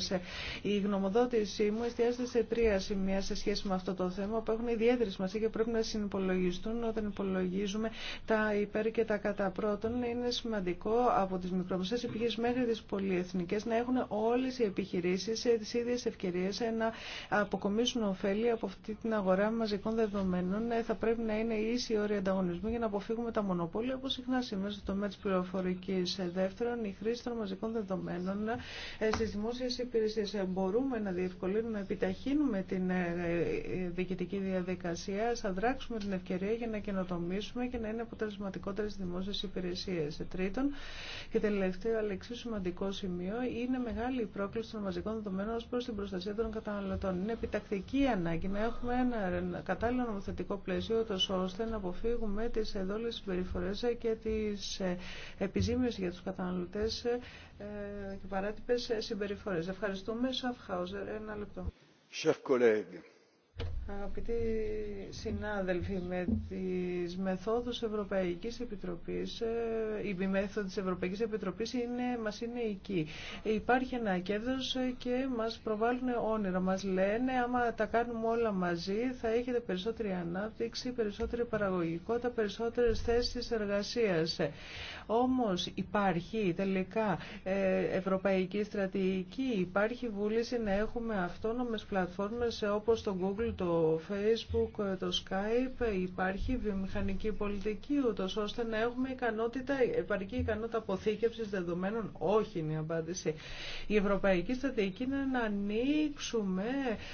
Η γνωμοδότησή μου εστιάζεται σε τρία σημεία σε σχέση με αυτό το θέμα που έχουν ιδιαίτερη σημασία και πρέπει να συνυπολογιστούν όταν υπολογίζουμε τα υπέρ και τα κατά. Πρώτον, είναι σημαντικό από τι μικρομεσαίε επιχειρήσει μέχρι τι πολυεθνικές να έχουν όλε οι επιχειρήσεις τι ίδιε ευκαιρίε να αποκομίσουν ωφέλη από αυτή την αγορά μαζικών δεδομένων. Ε, πρέπει να είναι ίση όροι ανταγωνισμού για να αποφύγουμε τα μονοπόλια όπω συχνά σήμερα στο τομέα τη πληροφορική ε, Δεύτερον, η χρήση των μαζικών δεδομένων ε, στι δημόσιε υπηρεσίε ε, Μπορούμε να διευκολύνουμε, να επιταχύνουμε την διοικητική διαδικασία, να δράξουμε την ευκαιρία για να καινοτομήσουμε και να είναι αποτελεσματικότερες δημόσιε υπηρεσίε. Τρίτον, και τελευταίο, αλλά εξίσου σημαντικό σημείο, είναι μεγάλη η πρόκληση των μαζικών δεδομένων ω προ την προστασία των καταναλωτών. Είναι επιτακτική ανάγκη να έχουμε ένα κατάλληλο νομοθετικό πλαίσιο ώστε να αποφύγουμε τις εδόλες συμπεριφορές και τις ε, επιζήμιες για τους καταναλωτές ε, και παράτυπες συμπεριφορές. Ευχαριστούμε. Σαφχάουζερ, ένα λεπτό. Αγαπητοί συνάδελφοι, με τις μεθόδους Ευρωπαϊκής Επιτροπής, ε, η μέθοδο της Ευρωπαϊκής Επιτροπής είναι, μας είναι εκεί. Υπάρχει ένα κέρδο και μας προβάλλουν όνειρα. Μας λένε, άμα τα κάνουμε όλα μαζί, θα έχετε περισσότερη ανάπτυξη, περισσότερη παραγωγικότητα, περισσότερες θέσεις εργασίας. Όμως υπάρχει τελικά ε, ευρωπαϊκή στρατηγική, υπάρχει βούληση να έχουμε αυτόνομες πλατφόρμες όπως το Google, το Facebook, το Skype, υπάρχει βιομηχανική πολιτική ούτως ώστε να έχουμε ικανότητα, υπάρχει ικανότητα αποθήκευσης δεδομένων. Όχι είναι η απάντηση. Η ευρωπαϊκή στρατηγική είναι να ανοίξουμε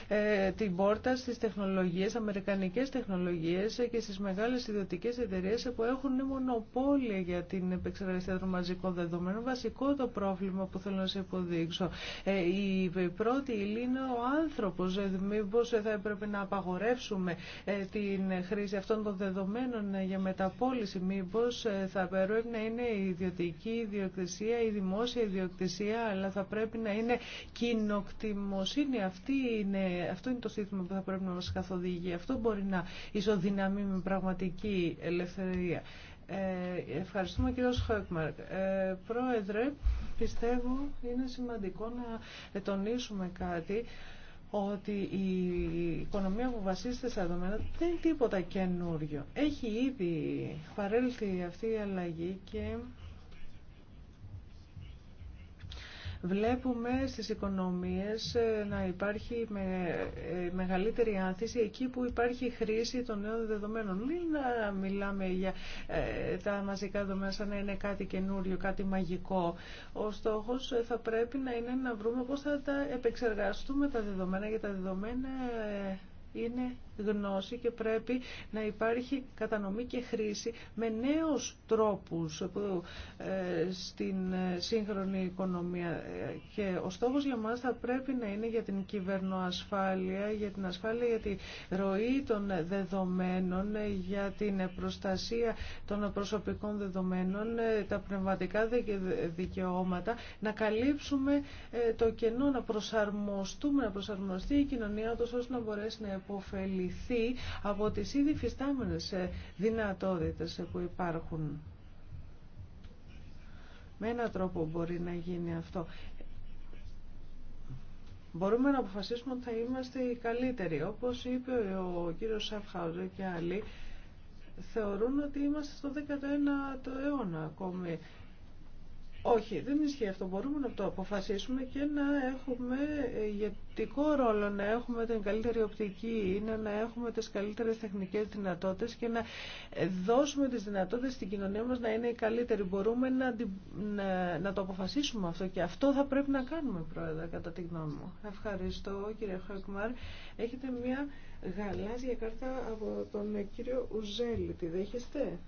ε, την πόρτα στις τεχνολογίες, αμερικανικές τεχνολογίες και στις μεγάλες ιδιωτικές εταιρείες που έχουν μονοπόλια για την επεξεργασία των μαζικών δεδομένων. Βασικό το πρόβλημα που θέλω να σε υποδείξω. Ε, η πρώτη ύλη είναι ο άνθρωπος. Ε, μήπω θα έπρεπε να απαγορεύσουμε ε, την χρήση αυτών των δεδομένων για μεταπόληση. Μήπω θα πρέπει να είναι η ιδιωτική ιδιοκτησία, η δημόσια ιδιοκτησία, αλλά θα πρέπει να είναι κοινοκτημοσύνη. Αυτή είναι, αυτό είναι το σύστημα που θα πρέπει να μα καθοδηγεί. Αυτό μπορεί να ισοδυναμεί με πραγματική ελευθερία. Ε, ευχαριστούμε κύριο Σχόκμαρκ Ε, πρόεδρε, πιστεύω είναι σημαντικό να τονίσουμε κάτι ότι η οικονομία που βασίζεται στα δεδομένα δεν είναι τίποτα καινούριο. Έχει ήδη παρέλθει αυτή η αλλαγή και Βλέπουμε στις οικονομίες ε, να υπάρχει με ε, μεγαλύτερη άνθηση εκεί που υπάρχει χρήση των νέων δεδομένων. Μην ε, μιλάμε για τα μαζικά δεδομένα σαν να είναι κάτι καινούριο, κάτι μαγικό. Ο στόχος θα πρέπει να είναι να βρούμε πώς θα τα επεξεργαστούμε τα δεδομένα, γιατί τα δεδομένα είναι γνώση και πρέπει να υπάρχει κατανομή και χρήση με νέους τρόπους ε, στην ε, σύγχρονη οικονομία. Και ο στόχος για μας θα πρέπει να είναι για την κυβερνοασφάλεια, για την ασφάλεια, για τη ροή των δεδομένων, ε, για την προστασία των προσωπικών δεδομένων, τα πνευματικά δικαιώματα, να καλύψουμε το κενό, να προσαρμοστούμε, να προσαρμοστεί η κοινωνία ώστε να μπορέσει να υποφελεί από τις ήδη φυστάμενες ε, δυνατότητες ε, που υπάρχουν. Με έναν τρόπο μπορεί να γίνει αυτό. Μπορούμε να αποφασίσουμε ότι θα είμαστε οι καλύτεροι. Όπως είπε ο κύριος Σαφχάουζε και άλλοι, θεωρούν ότι είμαστε στο 19ο αιώνα ακόμη. Όχι, δεν ισχύει αυτό. Μπορούμε να το αποφασίσουμε και να έχουμε ηγετικό ρόλο, να έχουμε την καλύτερη οπτική, είναι να έχουμε τις καλύτερες τεχνικές δυνατότητες και να δώσουμε τις δυνατότητες στην κοινωνία μας να είναι η καλύτερη. Μπορούμε να, να, να το αποφασίσουμε αυτό και αυτό θα πρέπει να κάνουμε, Πρόεδρε, κατά τη γνώμη μου. Ευχαριστώ, κύριε Χακμάρ. Έχετε μια γαλάζια κάρτα από τον κύριο Ουζέλη. Τη δέχεστε?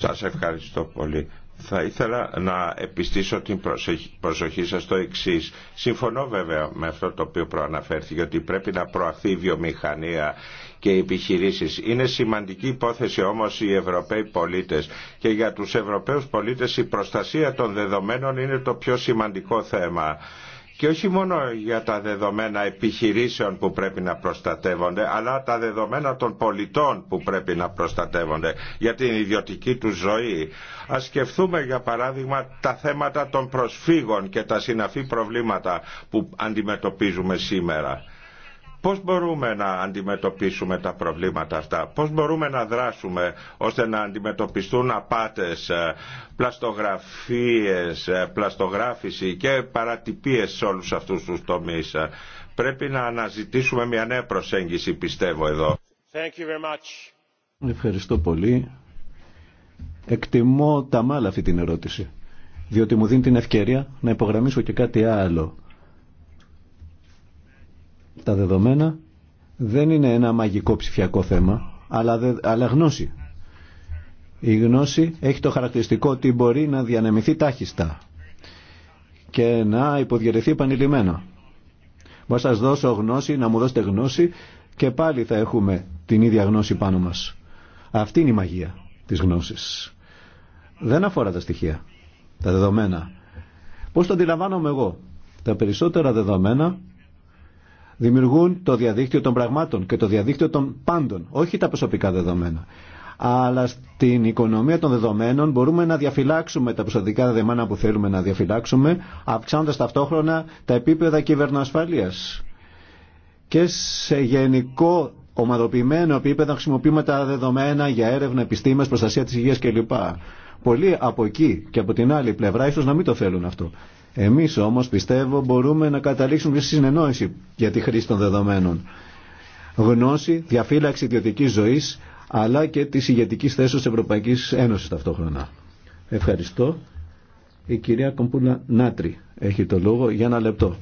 Σας ευχαριστώ πολύ. Θα ήθελα να επιστήσω την προσοχή σας στο εξή. Συμφωνώ βέβαια με αυτό το οποίο προαναφέρθηκε ότι πρέπει να προαχθεί η βιομηχανία και οι επιχειρήσεις. Είναι σημαντική υπόθεση όμως οι Ευρωπαίοι πολίτες και για τους Ευρωπαίους πολίτες η προστασία των δεδομένων είναι το πιο σημαντικό θέμα και όχι μόνο για τα δεδομένα επιχειρήσεων που πρέπει να προστατεύονται, αλλά τα δεδομένα των πολιτών που πρέπει να προστατεύονται για την ιδιωτική του ζωή. Α σκεφτούμε για παράδειγμα τα θέματα των προσφύγων και τα συναφή προβλήματα που αντιμετωπίζουμε σήμερα. Πώς μπορούμε να αντιμετωπίσουμε τα προβλήματα αυτά, πώς μπορούμε να δράσουμε ώστε να αντιμετωπιστούν απάτες, ε, πλαστογραφίες, ε, πλαστογράφηση και παρατυπίες σε όλους αυτούς τους τομείς. Ε, πρέπει να αναζητήσουμε μια νέα προσέγγιση πιστεύω εδώ. Thank you very much. Ευχαριστώ πολύ. Εκτιμώ τα μάλα αυτή την ερώτηση, διότι μου δίνει την ευκαιρία να υπογραμμίσω και κάτι άλλο. Τα δεδομένα δεν είναι ένα μαγικό ψηφιακό θέμα, αλλά, δε, γνώση. Η γνώση έχει το χαρακτηριστικό ότι μπορεί να διανεμηθεί τάχιστα και να υποδιαιρεθεί επανειλημμένα. Μπορώ να σας δώσω γνώση, να μου δώσετε γνώση και πάλι θα έχουμε την ίδια γνώση πάνω μας. Αυτή είναι η μαγεία της γνώσης. Δεν αφορά τα στοιχεία, τα δεδομένα. Πώς το αντιλαμβάνομαι εγώ. Τα περισσότερα δεδομένα Δημιουργούν το διαδίκτυο των πραγμάτων και το διαδίκτυο των πάντων, όχι τα προσωπικά δεδομένα. Αλλά στην οικονομία των δεδομένων μπορούμε να διαφυλάξουμε τα προσωπικά δεδομένα που θέλουμε να διαφυλάξουμε, αυξάνοντα ταυτόχρονα τα επίπεδα κυβερνοασφαλεία. Και σε γενικό ομαδοποιημένο επίπεδο χρησιμοποιούμε τα δεδομένα για έρευνα, επιστήμε, προστασία τη υγεία κλπ. Πολλοί από εκεί και από την άλλη πλευρά ίσω να μην το θέλουν αυτό. Εμείς όμως πιστεύω μπορούμε να καταλήξουμε σε συνεννόηση για τη χρήση των δεδομένων. Γνώση, διαφύλαξη ιδιωτική ζωής, αλλά και της ηγετικής θέσης της Ευρωπαϊκής Ένωσης ταυτόχρονα. Ευχαριστώ. Η κυρία Κομπούλα Νάτρη έχει το λόγο για ένα λεπτό.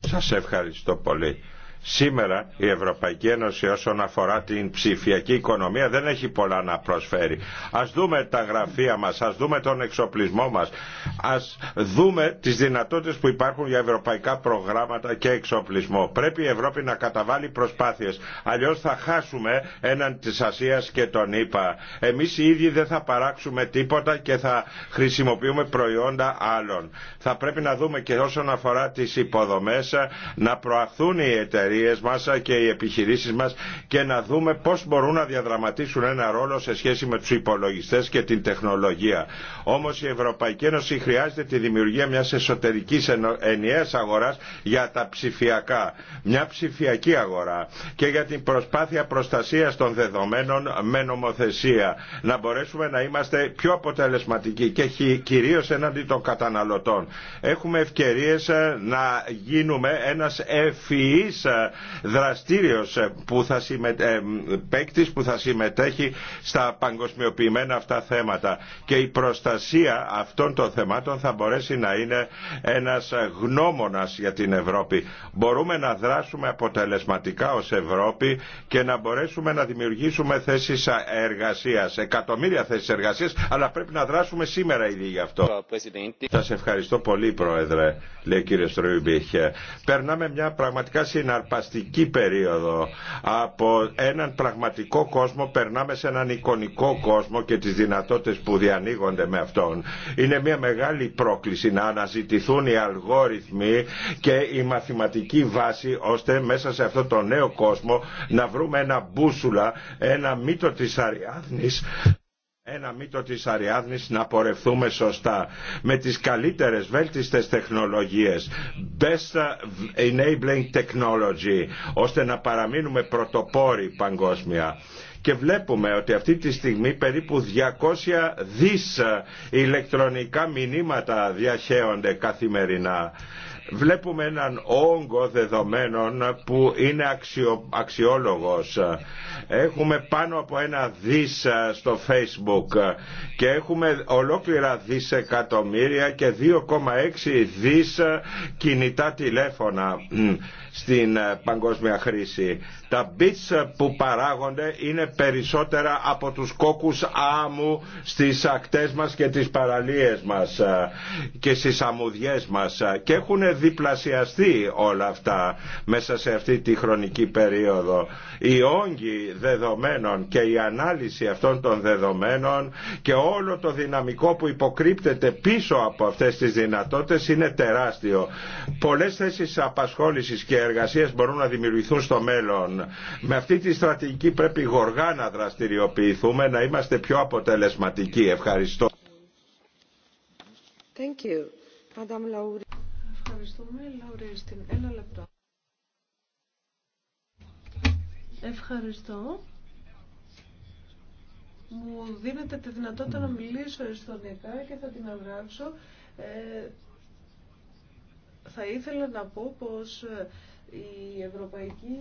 Σας ευχαριστώ πολύ. Σήμερα η Ευρωπαϊκή Ένωση όσον αφορά την ψηφιακή οικονομία δεν έχει πολλά να προσφέρει. Ας δούμε τα γραφεία μας, ας δούμε τον εξοπλισμό μας, ας δούμε τις δυνατότητες που υπάρχουν για ευρωπαϊκά προγράμματα και εξοπλισμό. Πρέπει η Ευρώπη να καταβάλει προσπάθειες, αλλιώς θα χάσουμε έναν της Ασίας και τον ΗΠΑ. Εμείς οι ίδιοι δεν θα παράξουμε τίποτα και θα χρησιμοποιούμε προϊόντα άλλων. Θα πρέπει να δούμε και όσον αφορά τις υποδομές να προαθούν οι εταιρείε και οι επιχειρήσει μα και να δούμε πώ μπορούν να διαδραματίσουν ένα ρόλο σε σχέση με του υπολογιστέ και την τεχνολογία. Όμω η Ευρωπαϊκή Ένωση χρειάζεται τη δημιουργία μια εσωτερική ενιαία αγορα για τα ψηφιακά. Μια ψηφιακή αγορά και για την προσπάθεια προστασία των δεδομένων με νομοθεσία. Να μπορέσουμε να είμαστε πιο αποτελεσματικοί και κυρίω εναντί των καταναλωτών. Έχουμε ευκαιρίε ε, να γίνουμε ένα δραστήριος ε, που θα ε, παίκτης που θα συμμετέχει στα παγκοσμιοποιημένα αυτά θέματα και η προστασία αυτών των θεμάτων θα μπορέσει να είναι ένας γνώμονας για την Ευρώπη. Μπορούμε να δράσουμε αποτελεσματικά ως Ευρώπη και να μπορέσουμε να δημιουργήσουμε θέσεις εργασίας, εκατομμύρια θέσεις εργασίας, αλλά πρέπει να δράσουμε σήμερα ήδη γι' αυτό. Σα ευχαριστώ πολύ Πρόεδρε, λέει Περνάμε μια πραγματικά συναρπαστική αρπαστική περίοδο. Από έναν πραγματικό κόσμο περνάμε σε έναν εικονικό κόσμο και τις δυνατότητες που διανοίγονται με αυτόν. Είναι μια μεγάλη πρόκληση να αναζητηθούν οι αλγόριθμοι και η μαθηματική βάση ώστε μέσα σε αυτό το νέο κόσμο να βρούμε ένα μπούσουλα, ένα μύτο της Αριάδνης ένα μύτο της Αριάδνης να πορευθούμε σωστά με τις καλύτερες βέλτιστες τεχνολογίες best enabling technology ώστε να παραμείνουμε πρωτοπόροι παγκόσμια και βλέπουμε ότι αυτή τη στιγμή περίπου 200 δις ηλεκτρονικά μηνύματα διαχέονται καθημερινά βλέπουμε έναν όγκο δεδομένων που είναι αξιο, αξιόλογος. Έχουμε πάνω από ένα δις ε, στο facebook και έχουμε ολόκληρα δισεκατομμύρια και 2,6 δις ε, κινητά τηλέφωνα στην ε, παγκόσμια χρήση. Τα μπιτς που παράγονται είναι περισσότερα από τους κόκκους άμμου στις ακτές μας και τις παραλίες μας ε, και στις αμμουδιές μας ε, και έχουν διπλασιαστεί όλα αυτά μέσα σε αυτή τη χρονική περίοδο. Οι όγκη δεδομένων και η ανάλυση αυτών των δεδομένων και όλο το δυναμικό που υποκρύπτεται πίσω από αυτές τις δυνατότητες είναι τεράστιο. Πολλές θέσεις απασχόλησης και εργασίες μπορούν να δημιουργηθούν στο μέλλον. Με αυτή τη στρατηγική πρέπει γοργά να δραστηριοποιηθούμε, να είμαστε πιο αποτελεσματικοί. Ευχαριστώ. Thank you. Ένα Ευχαριστώ. Μου δίνετε τη δυνατότητα να μιλήσω εστονικά και θα την αγράψω. Ε, θα ήθελα να πω πως ε, η Ευρωπαϊκή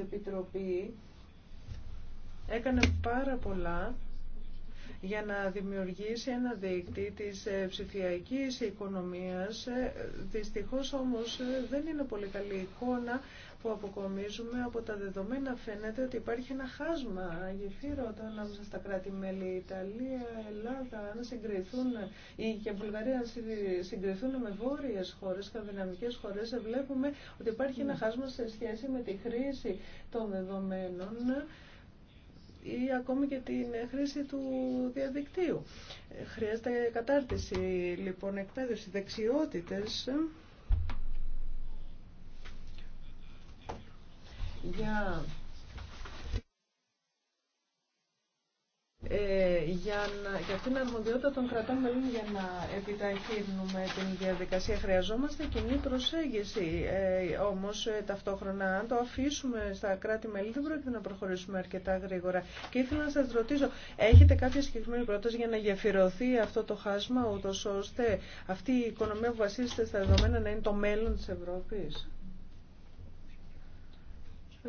Επιτροπή έκανε πάρα πολλά για να δημιουργήσει ένα δίκτυ της ε, ψηφιακής οικονομίας. Ε, δυστυχώς όμως ε, δεν είναι πολύ καλή εικόνα που αποκομίζουμε από τα δεδομένα φαίνεται ότι υπάρχει ένα χάσμα όταν ανάμεσα στα κράτη-μέλη Ιταλία, Ελλάδα, αν συγκριθούν ή και Βουλγαρία αν συγκριθούν με βόρειες χώρες, σκανδιναμικές χώρες, βλέπουμε ότι υπάρχει ένα ναι. χάσμα σε σχέση με τη χρήση των δεδομένων ή ακόμη και την χρήση του διαδικτύου. Χρειάζεται κατάρτιση, λοιπόν, εκπαίδευση, δεξιότητες για Ε, για, να, για την αρμοδιότητα των κρατών μελών για να επιταχύνουμε την διαδικασία χρειαζόμαστε κοινή προσέγγιση. Ε, όμως ε, ταυτόχρονα αν το αφήσουμε στα κράτη-μέλη δεν πρόκειται να προχωρήσουμε αρκετά γρήγορα. Και ήθελα να σας ρωτήσω, έχετε κάποια συγκεκριμένη πρόταση για να γεφυρωθεί αυτό το χάσμα ούτως ώστε αυτή η οικονομία που βασίζεται στα δεδομένα να είναι το μέλλον της Ευρώπης.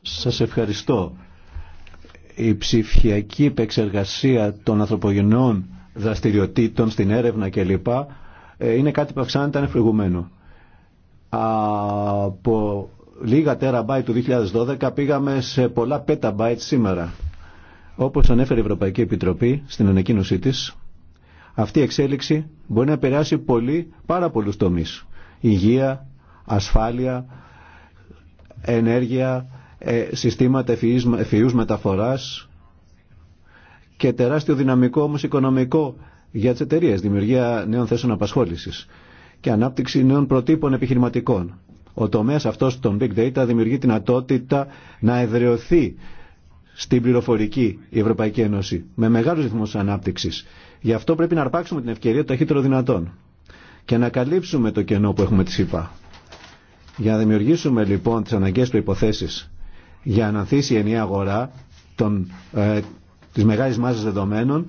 Σας ευχαριστώ η ψηφιακή επεξεργασία των ανθρωπογενών δραστηριοτήτων στην έρευνα κλπ. Ε, είναι κάτι που αυξάνεται ανεφρηγουμένο. Από λίγα τεραμπάιτ του 2012 πήγαμε σε πολλά πέταμπάιτ σήμερα. Όπως ανέφερε η Ευρωπαϊκή Επιτροπή στην ανακοίνωσή της, αυτή η εξέλιξη μπορεί να επηρεάσει πολύ, πάρα πολλούς τομείς. Υγεία, ασφάλεια, ενέργεια, ε, συστήματα ευφυούς μεταφοράς και τεράστιο δυναμικό όμως οικονομικό για τις εταιρείε, δημιουργία νέων θέσεων απασχόλησης και ανάπτυξη νέων προτύπων επιχειρηματικών. Ο τομέας αυτός των Big Data δημιουργεί την ατότητα να εδραιωθεί στην πληροφορική η Ευρωπαϊκή Ένωση με μεγάλους ρυθμούς ανάπτυξης. Γι' αυτό πρέπει να αρπάξουμε την ευκαιρία το ταχύτερο δυνατόν και να καλύψουμε το κενό που έχουμε τη ΣΥΠΑ. Για να δημιουργήσουμε λοιπόν τις αναγκαίες προϋποθέσεις για να ανθίσει η ενιαία αγορά των, ε, της μεγάλης μάζας δεδομένων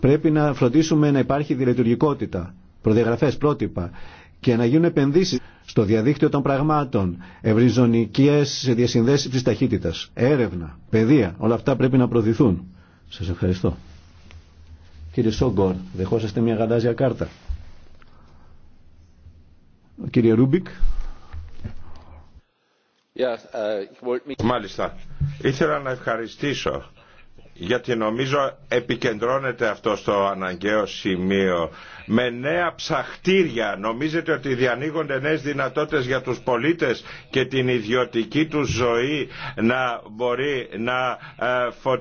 πρέπει να φροντίσουμε να υπάρχει διελειτουργικότητα, προδιαγραφές, πρότυπα και να γίνουν επενδύσεις στο διαδίκτυο των πραγμάτων, ευρυζωνικές διασυνδέσεις της ταχύτητας, έρευνα, παιδεία, όλα αυτά πρέπει να προωθηθούν. Σας ευχαριστώ. Κύριε Σόγκορ, δεχόσαστε μια γαντάζια κάρτα. κύριε Ρούμπικ. Uh, Μάλιστα. Ήθελα να ευχαριστήσω γιατί νομίζω επικεντρώνεται αυτό στο αναγκαίο σημείο. Με νέα ψαχτήρια νομίζετε ότι διανοίγονται νέες δυνατότητες για τους πολίτες και την ιδιωτική τους ζωή να μπορεί να,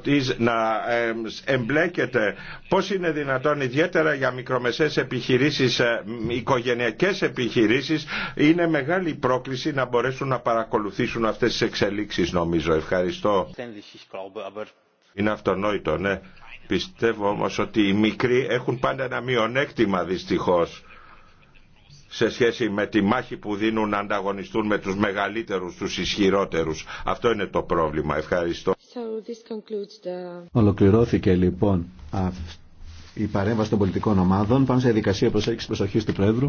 ε, να ε, εμπλέκεται. Πώς είναι δυνατόν ιδιαίτερα για μικρομεσαίες επιχειρήσεις, ε, οικογενειακές επιχειρήσεις είναι μεγάλη πρόκληση να μπορέσουν να παρακολουθήσουν αυτές τις εξελίξεις νομίζω. Ευχαριστώ. Είναι αυτονόητο, ναι. Πιστεύω όμως ότι οι μικροί έχουν πάντα ένα μειονέκτημα δυστυχώς σε σχέση με τη μάχη που δίνουν να ανταγωνιστούν με τους μεγαλύτερους, τους ισχυρότερους. Αυτό είναι το πρόβλημα. Ευχαριστώ. So Ολοκληρώθηκε λοιπόν η παρέμβαση των πολιτικών ομάδων. Πάμε σε διαδικασία προσέγγισης προσοχής του Πρόεδρου.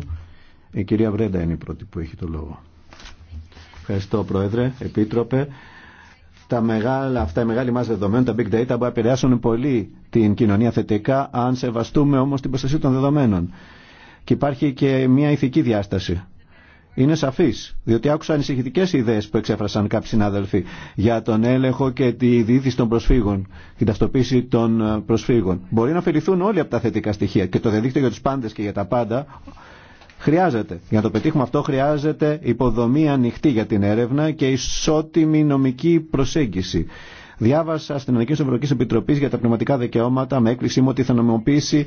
Η κυρία Βρέντα είναι η πρώτη που έχει το λόγο. Ευχαριστώ Πρόεδρε, Επίτροπε τα μεγάλα, αυτά οι μεγάλοι μας δεδομένων, τα big data, μπορεί επηρεάσουν πολύ την κοινωνία θετικά, αν σεβαστούμε όμως την προστασία των δεδομένων. Και υπάρχει και μια ηθική διάσταση. Είναι σαφή. διότι άκουσα ανησυχητικέ ιδέε που εξέφρασαν κάποιοι συνάδελφοι για τον έλεγχο και τη διήθηση των προσφύγων, την ταυτοποίηση των ε, προσφύγων. Μπορεί να ωφεληθούν όλοι από τα θετικά στοιχεία και το δεδίκτυο για του πάντε και για τα πάντα Χρειάζεται. Για να το πετύχουμε αυτό χρειάζεται υποδομή ανοιχτή για την έρευνα και ισότιμη νομική προσέγγιση. Διάβασα στην Ανακοίνωση Ευρωπαϊκή για τα πνευματικά δικαιώματα με έκκληση μου ότι θα νομιμοποιήσει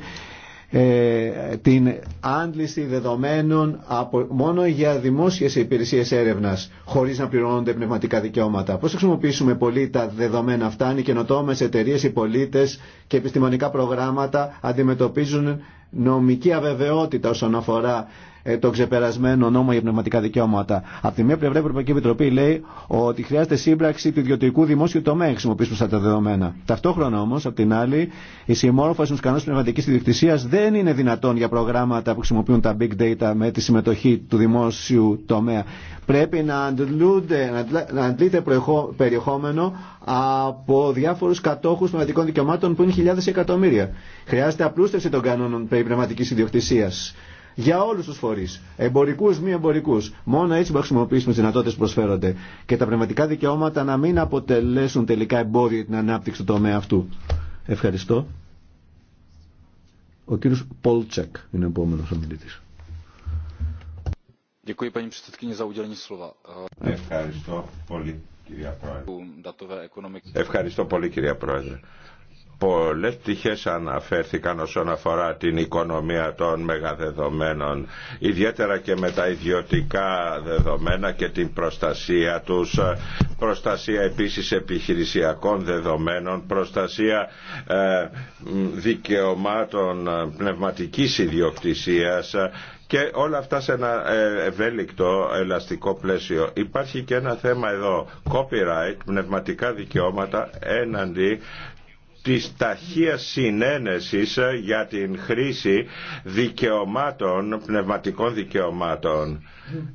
ε, την άντληση δεδομένων από, μόνο για δημόσιες υπηρεσίες έρευνας χωρίς να πληρώνονται πνευματικά δικαιώματα. Πώς θα χρησιμοποιήσουμε πολύ τα δεδομένα αυτά, αν οι καινοτόμες εταιρείες, οι πολίτες και επιστημονικά προγράμματα αντιμετωπίζουν νομική αβεβαιότητα όσον αφορά ε, τον ξεπερασμένο νόμο για πνευματικά δικαιώματα. Από τη μία πλευρά η Ευρωπαϊκή Επιτροπή λέει ότι χρειάζεται σύμπραξη του ιδιωτικού δημόσιου τομέα χρησιμοποιήσουμε αυτά τα δεδομένα. Ταυτόχρονα όμω, από την άλλη, η συμμόρφωση στου του κανόνε πνευματική ιδιοκτησία δεν είναι δυνατόν για προγράμματα που χρησιμοποιούν τα big data με τη συμμετοχή του δημόσιου τομέα. Πρέπει να, αντλούνται, να αντλείται περιεχόμενο από διάφορου κατόχου πνευματικών δικαιωμάτων που είναι χιλιάδε εκατομμύρια. Χρειάζεται απλούστευση των κανόνων περί πνευματική ιδιοκτησία για όλου του φορεί, εμπορικού, μη εμπορικού. Μόνο έτσι μπορούμε να χρησιμοποιήσουμε τι δυνατότητε που προσφέρονται και τα πνευματικά δικαιώματα να μην αποτελέσουν τελικά εμπόδιο την ανάπτυξη του τομέα αυτού. Ευχαριστώ. Ο κύριος Πολτσέκ είναι ο επόμενο ομιλητή. Ευχαριστώ πολύ κυρία Πρόεδρε. Ευχαριστώ πολύ κυρία Πρόεδρε πολλές τυχές αναφέρθηκαν όσον αφορά την οικονομία των μεγαδεδομένων ιδιαίτερα και με τα ιδιωτικά δεδομένα και την προστασία τους προστασία επίσης επιχειρησιακών δεδομένων προστασία ε, δικαιωμάτων ε, πνευματικής ιδιοκτησίας και όλα αυτά σε ένα ε, ευέλικτο ελαστικό πλαίσιο. Υπάρχει και ένα θέμα εδώ, copyright, πνευματικά δικαιώματα έναντι της ταχείας συνένεσης ε, για την χρήση δικαιωμάτων, πνευματικών δικαιωμάτων.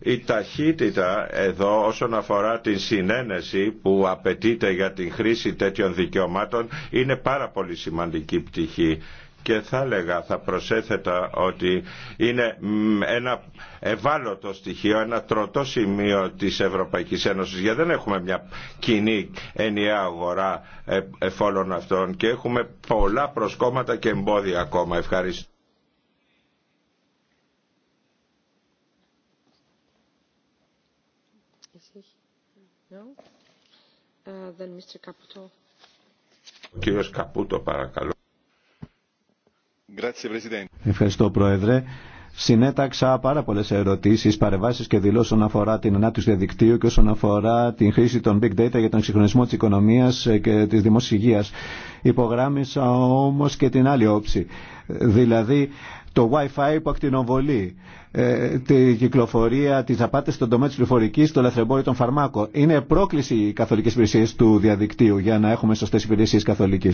Η ταχύτητα εδώ όσον αφορά την συνένεση που απαιτείται για την χρήση τέτοιων δικαιωμάτων είναι πάρα πολύ σημαντική πτυχή και θα έλεγα, θα προσέθετα ότι είναι ένα ευάλωτο στοιχείο, ένα τροτό σημείο της Ευρωπαϊκής Ένωσης γιατί δεν έχουμε μια κοινή ενιαία αγορά ε, εφόλων αυτών και έχουμε πολλά προσκόμματα και εμπόδια ακόμα. Ευχαριστώ. Uh, Ο Καπούτο παρακαλώ. Ευχαριστώ Πρόεδρε. Συνέταξα πάρα πολλέ ερωτήσει, παρεμβάσει και δηλώσει όσον αφορά την ανάπτυξη διαδικτύου και όσον αφορά την χρήση των big data για τον εξυγχρονισμό τη οικονομία και τη δημόσια υγεία. Υπογράμμισα όμω και την άλλη όψη, δηλαδή το Wi-Fi που ακτινοβολεί, ε, τη κυκλοφορία, τις απάτε στον τομέα τη πληροφορική, το λαθρεμπόριο των φαρμάκων. Είναι πρόκληση οι καθολικέ υπηρεσίε του διαδικτύου για να έχουμε σωστέ υπηρεσίε Καθολική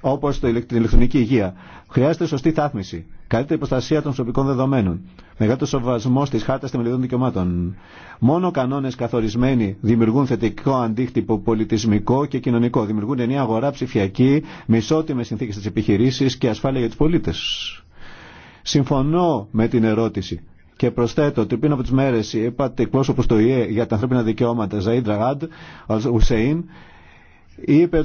όπω την ηλεκτρονική υγεία. Χρειάζεται σωστή θάθμιση, καλύτερη προστασία των προσωπικών δεδομένων, μεγάλο σοβασμό τη Χάρτα Θεμελιωδών Δικαιωμάτων. Μόνο κανόνε καθορισμένοι δημιουργούν θετικό αντίκτυπο πολιτισμικό και κοινωνικό. Δημιουργούν ενιαία αγορά ψηφιακή, μισότιμε συνθήκε στι επιχειρήσει και ασφάλεια για του πολίτε. Συμφωνώ με την ερώτηση και προσθέτω ότι πριν από τι μέρε είπατε εκπρόσωπο του ΙΕ για τα ανθρώπινα δικαιώματα, Ζαΐντ Ουσέιν, είπε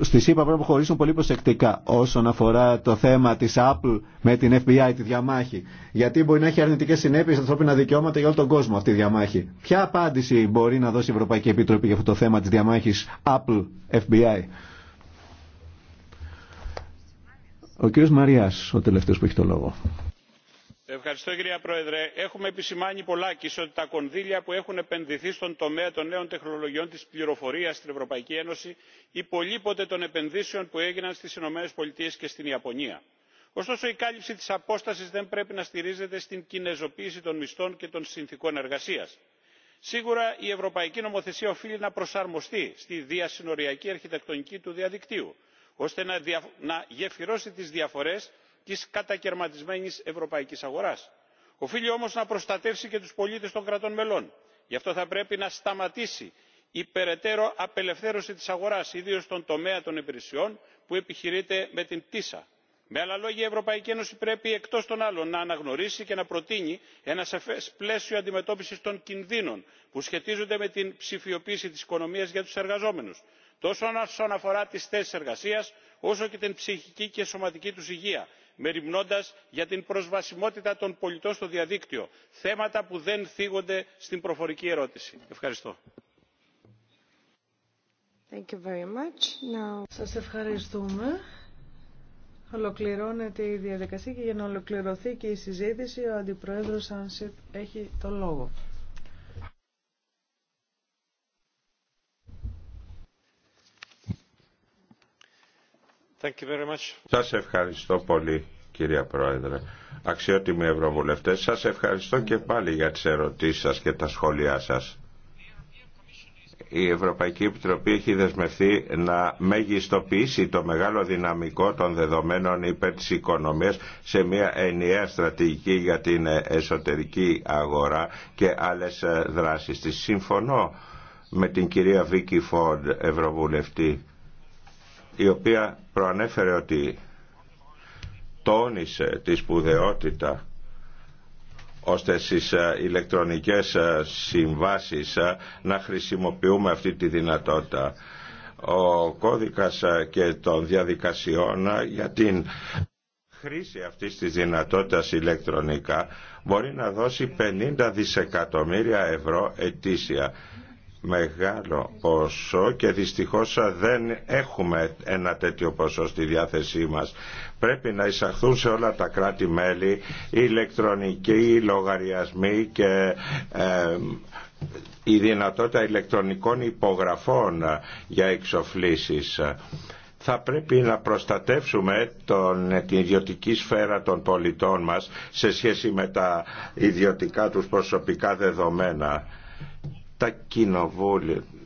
στη ΣΥΠΑ πρέπει να χωρίσουν πολύ προσεκτικά όσον αφορά το θέμα της Apple με την FBI, τη διαμάχη. Γιατί μπορεί να έχει αρνητικές συνέπειες στα ανθρώπινα δικαιώματα για όλο τον κόσμο αυτή η διαμάχη. Ποια απάντηση μπορεί να δώσει η Ευρωπαϊκή Επιτροπή για αυτό το θέμα της διαμάχης Apple-FBI. Ο κύριος Μαριάς, ο τελευταίος που έχει το λόγο. Ευχαριστώ Πρόεδρε. Έχουμε επισημάνει πολλάκις ότι τα κονδύλια που έχουν επενδυθεί στον τομέα των νέων τεχνολογιών της πληροφορίας στην Ευρωπαϊκή Ένωση υπολείπονται των επενδύσεων που έγιναν στις Ηνωμένες Πολιτείες και στην Ιαπωνία. Ωστόσο η κάλυψη της απόστασης δεν πρέπει να στηρίζεται στην κινεζοποίηση των μισθών και των συνθηκών εργασίας. Σίγουρα η ευρωπαϊκή νομοθεσία οφείλει να προσαρμοστεί στη διασυνοριακή αρχιτεκτονική του διαδικτύου ώστε να γεφυρώσει τις διαφορές τη κατακαιρματισμένη Ευρωπαϊκή Αγορά. οφείλει όμω να προστατεύσει και του πολίτε των κρατών μελών. γι' αυτό θα πρέπει να σταματήσει η περαιτέρω απελευθέρωση τη αγορά, ιδίω στον τομέα των υπηρεσιών που επιχειρείται με την tisa. με άλλα λόγια η ευρωπαϊκή ένωση πρέπει εκτό των άλλων να αναγνωρίσει και να προτείνει ένα σαφέ πλαίσιο αντιμετώπιση των κινδύνων που σχετίζονται με την ψηφιοποίηση τη οικονομία για του εργαζόμενου, τόσο όσον αφορά τι θέσει εργασία όσο και την ψυχική και σωματική του υγεία μεριμνώντας για την προσβασιμότητα των πολιτών στο διαδίκτυο θέματα που δεν θίγονται στην προφορική ερώτηση. Ευχαριστώ. Thank Σας ευχαριστούμε. Ολοκληρώνεται η διαδικασία και για να ολοκληρωθεί και η συζήτηση ο Αντιπρόεδρος Άνσιτ έχει το λόγο. Σας ευχαριστώ πολύ κυρία Πρόεδρε. Αξιότιμοι Ευρωβουλευτές, σας ευχαριστώ και πάλι για τις ερωτήσεις σας και τα σχόλιά σας. Η Ευρωπαϊκή Επιτροπή έχει δεσμευθεί να μεγιστοποιήσει το μεγάλο δυναμικό των δεδομένων υπέρ της οικονομίας σε μια ενιαία στρατηγική για την εσωτερική αγορά και άλλες δράσεις της. Συμφωνώ με την κυρία Βίκη Φόρντ, Ευρωβουλευτή η οποία προανέφερε ότι τόνισε τη σπουδαιότητα ώστε στις ε, ηλεκτρονικές ε, συμβάσεις ε, να χρησιμοποιούμε αυτή τη δυνατότητα. Ο κώδικας και των διαδικασιών για την χρήση αυτής της δυνατότητας ηλεκτρονικά μπορεί να δώσει 50 δισεκατομμύρια ευρώ ετήσια μεγάλο ποσό και δυστυχώς δεν έχουμε ένα τέτοιο ποσό στη διάθεσή μας. Πρέπει να εισαχθούν σε όλα τα κράτη-μέλη ηλεκτρονικοί λογαριασμοί και η δυνατότητα ηλεκτρονικών υπογραφών για εξοφλήσεις θα πρέπει να προστατεύσουμε τον, την ιδιωτική σφαίρα των πολιτών μας σε σχέση με τα ιδιωτικά τους προσωπικά δεδομένα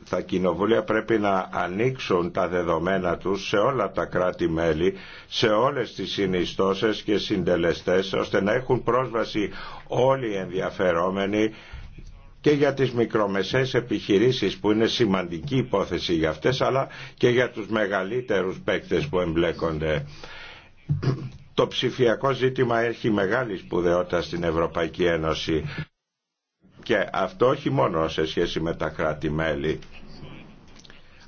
τα κοινοβούλια, πρέπει να ανοίξουν τα δεδομένα τους σε όλα τα κράτη-μέλη, σε όλες τις συνιστώσεις και συντελεστές, ώστε να έχουν πρόσβαση όλοι οι ενδιαφερόμενοι και για τις μικρομεσαίες επιχειρήσεις που είναι σημαντική υπόθεση για αυτές, αλλά και για τους μεγαλύτερους παίκτες που εμπλέκονται. Το ψηφιακό ζήτημα έχει μεγάλη σπουδαιότητα στην Ευρωπαϊκή Ένωση και αυτό όχι μόνο σε σχέση με τα κράτη-μέλη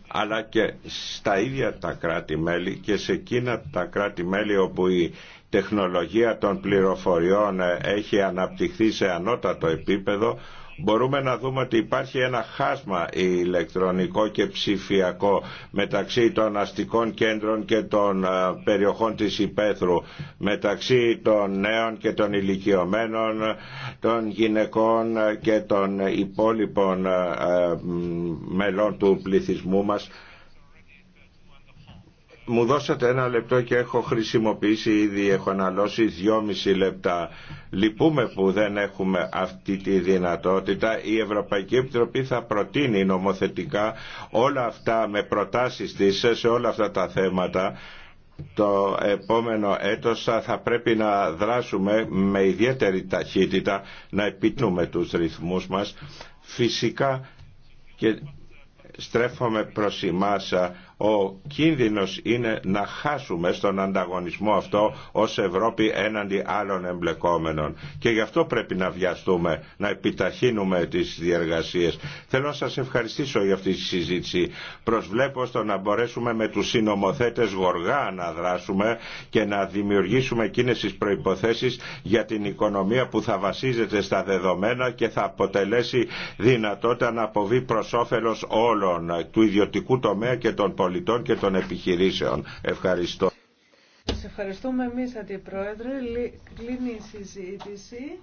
αλλά και στα ίδια τα κράτη-μέλη και σε εκείνα τα κράτη-μέλη όπου η τεχνολογία των πληροφοριών έχει αναπτυχθεί σε ανώτατο επίπεδο μπορούμε να δούμε ότι υπάρχει ένα χάσμα ηλεκτρονικό και ψηφιακό μεταξύ των αστικών κέντρων και των ε, περιοχών της Υπέθρου, μεταξύ των νέων και των ηλικιωμένων, των γυναικών ε, και των υπόλοιπων ε, μελών του πληθυσμού μας μου δώσατε ένα λεπτό και έχω χρησιμοποιήσει ήδη, έχω αναλώσει δυόμιση λεπτά. Λυπούμε που δεν έχουμε αυτή τη δυνατότητα. Η Ευρωπαϊκή Επιτροπή θα προτείνει νομοθετικά όλα αυτά με προτάσεις της σε όλα αυτά τα θέματα το επόμενο έτος θα πρέπει να δράσουμε με ιδιαίτερη ταχύτητα να επιτύχουμε τους ρυθμούς μας φυσικά και στρέφομαι προς εμάς ο κίνδυνος είναι να χάσουμε στον ανταγωνισμό αυτό ως Ευρώπη έναντι άλλων εμπλεκόμενων. Και γι' αυτό πρέπει να βιαστούμε, να επιταχύνουμε τις διεργασίες. Θέλω να σας ευχαριστήσω για αυτή τη συζήτηση. Προσβλέπω στο να μπορέσουμε με τους συνομοθέτες γοργά να δράσουμε και να δημιουργήσουμε εκείνες τις προϋποθέσεις για την οικονομία που θα βασίζεται στα δεδομένα και θα αποτελέσει δυνατότητα να αποβεί προς όφελος όλων του ιδιωτικού τομέα και των πολιτικών πολιτών και των επιχειρήσεων. Ευχαριστώ. Σας ευχαριστούμε εμείς, Αντιπρόεδρε. Κλείνει η συζήτηση.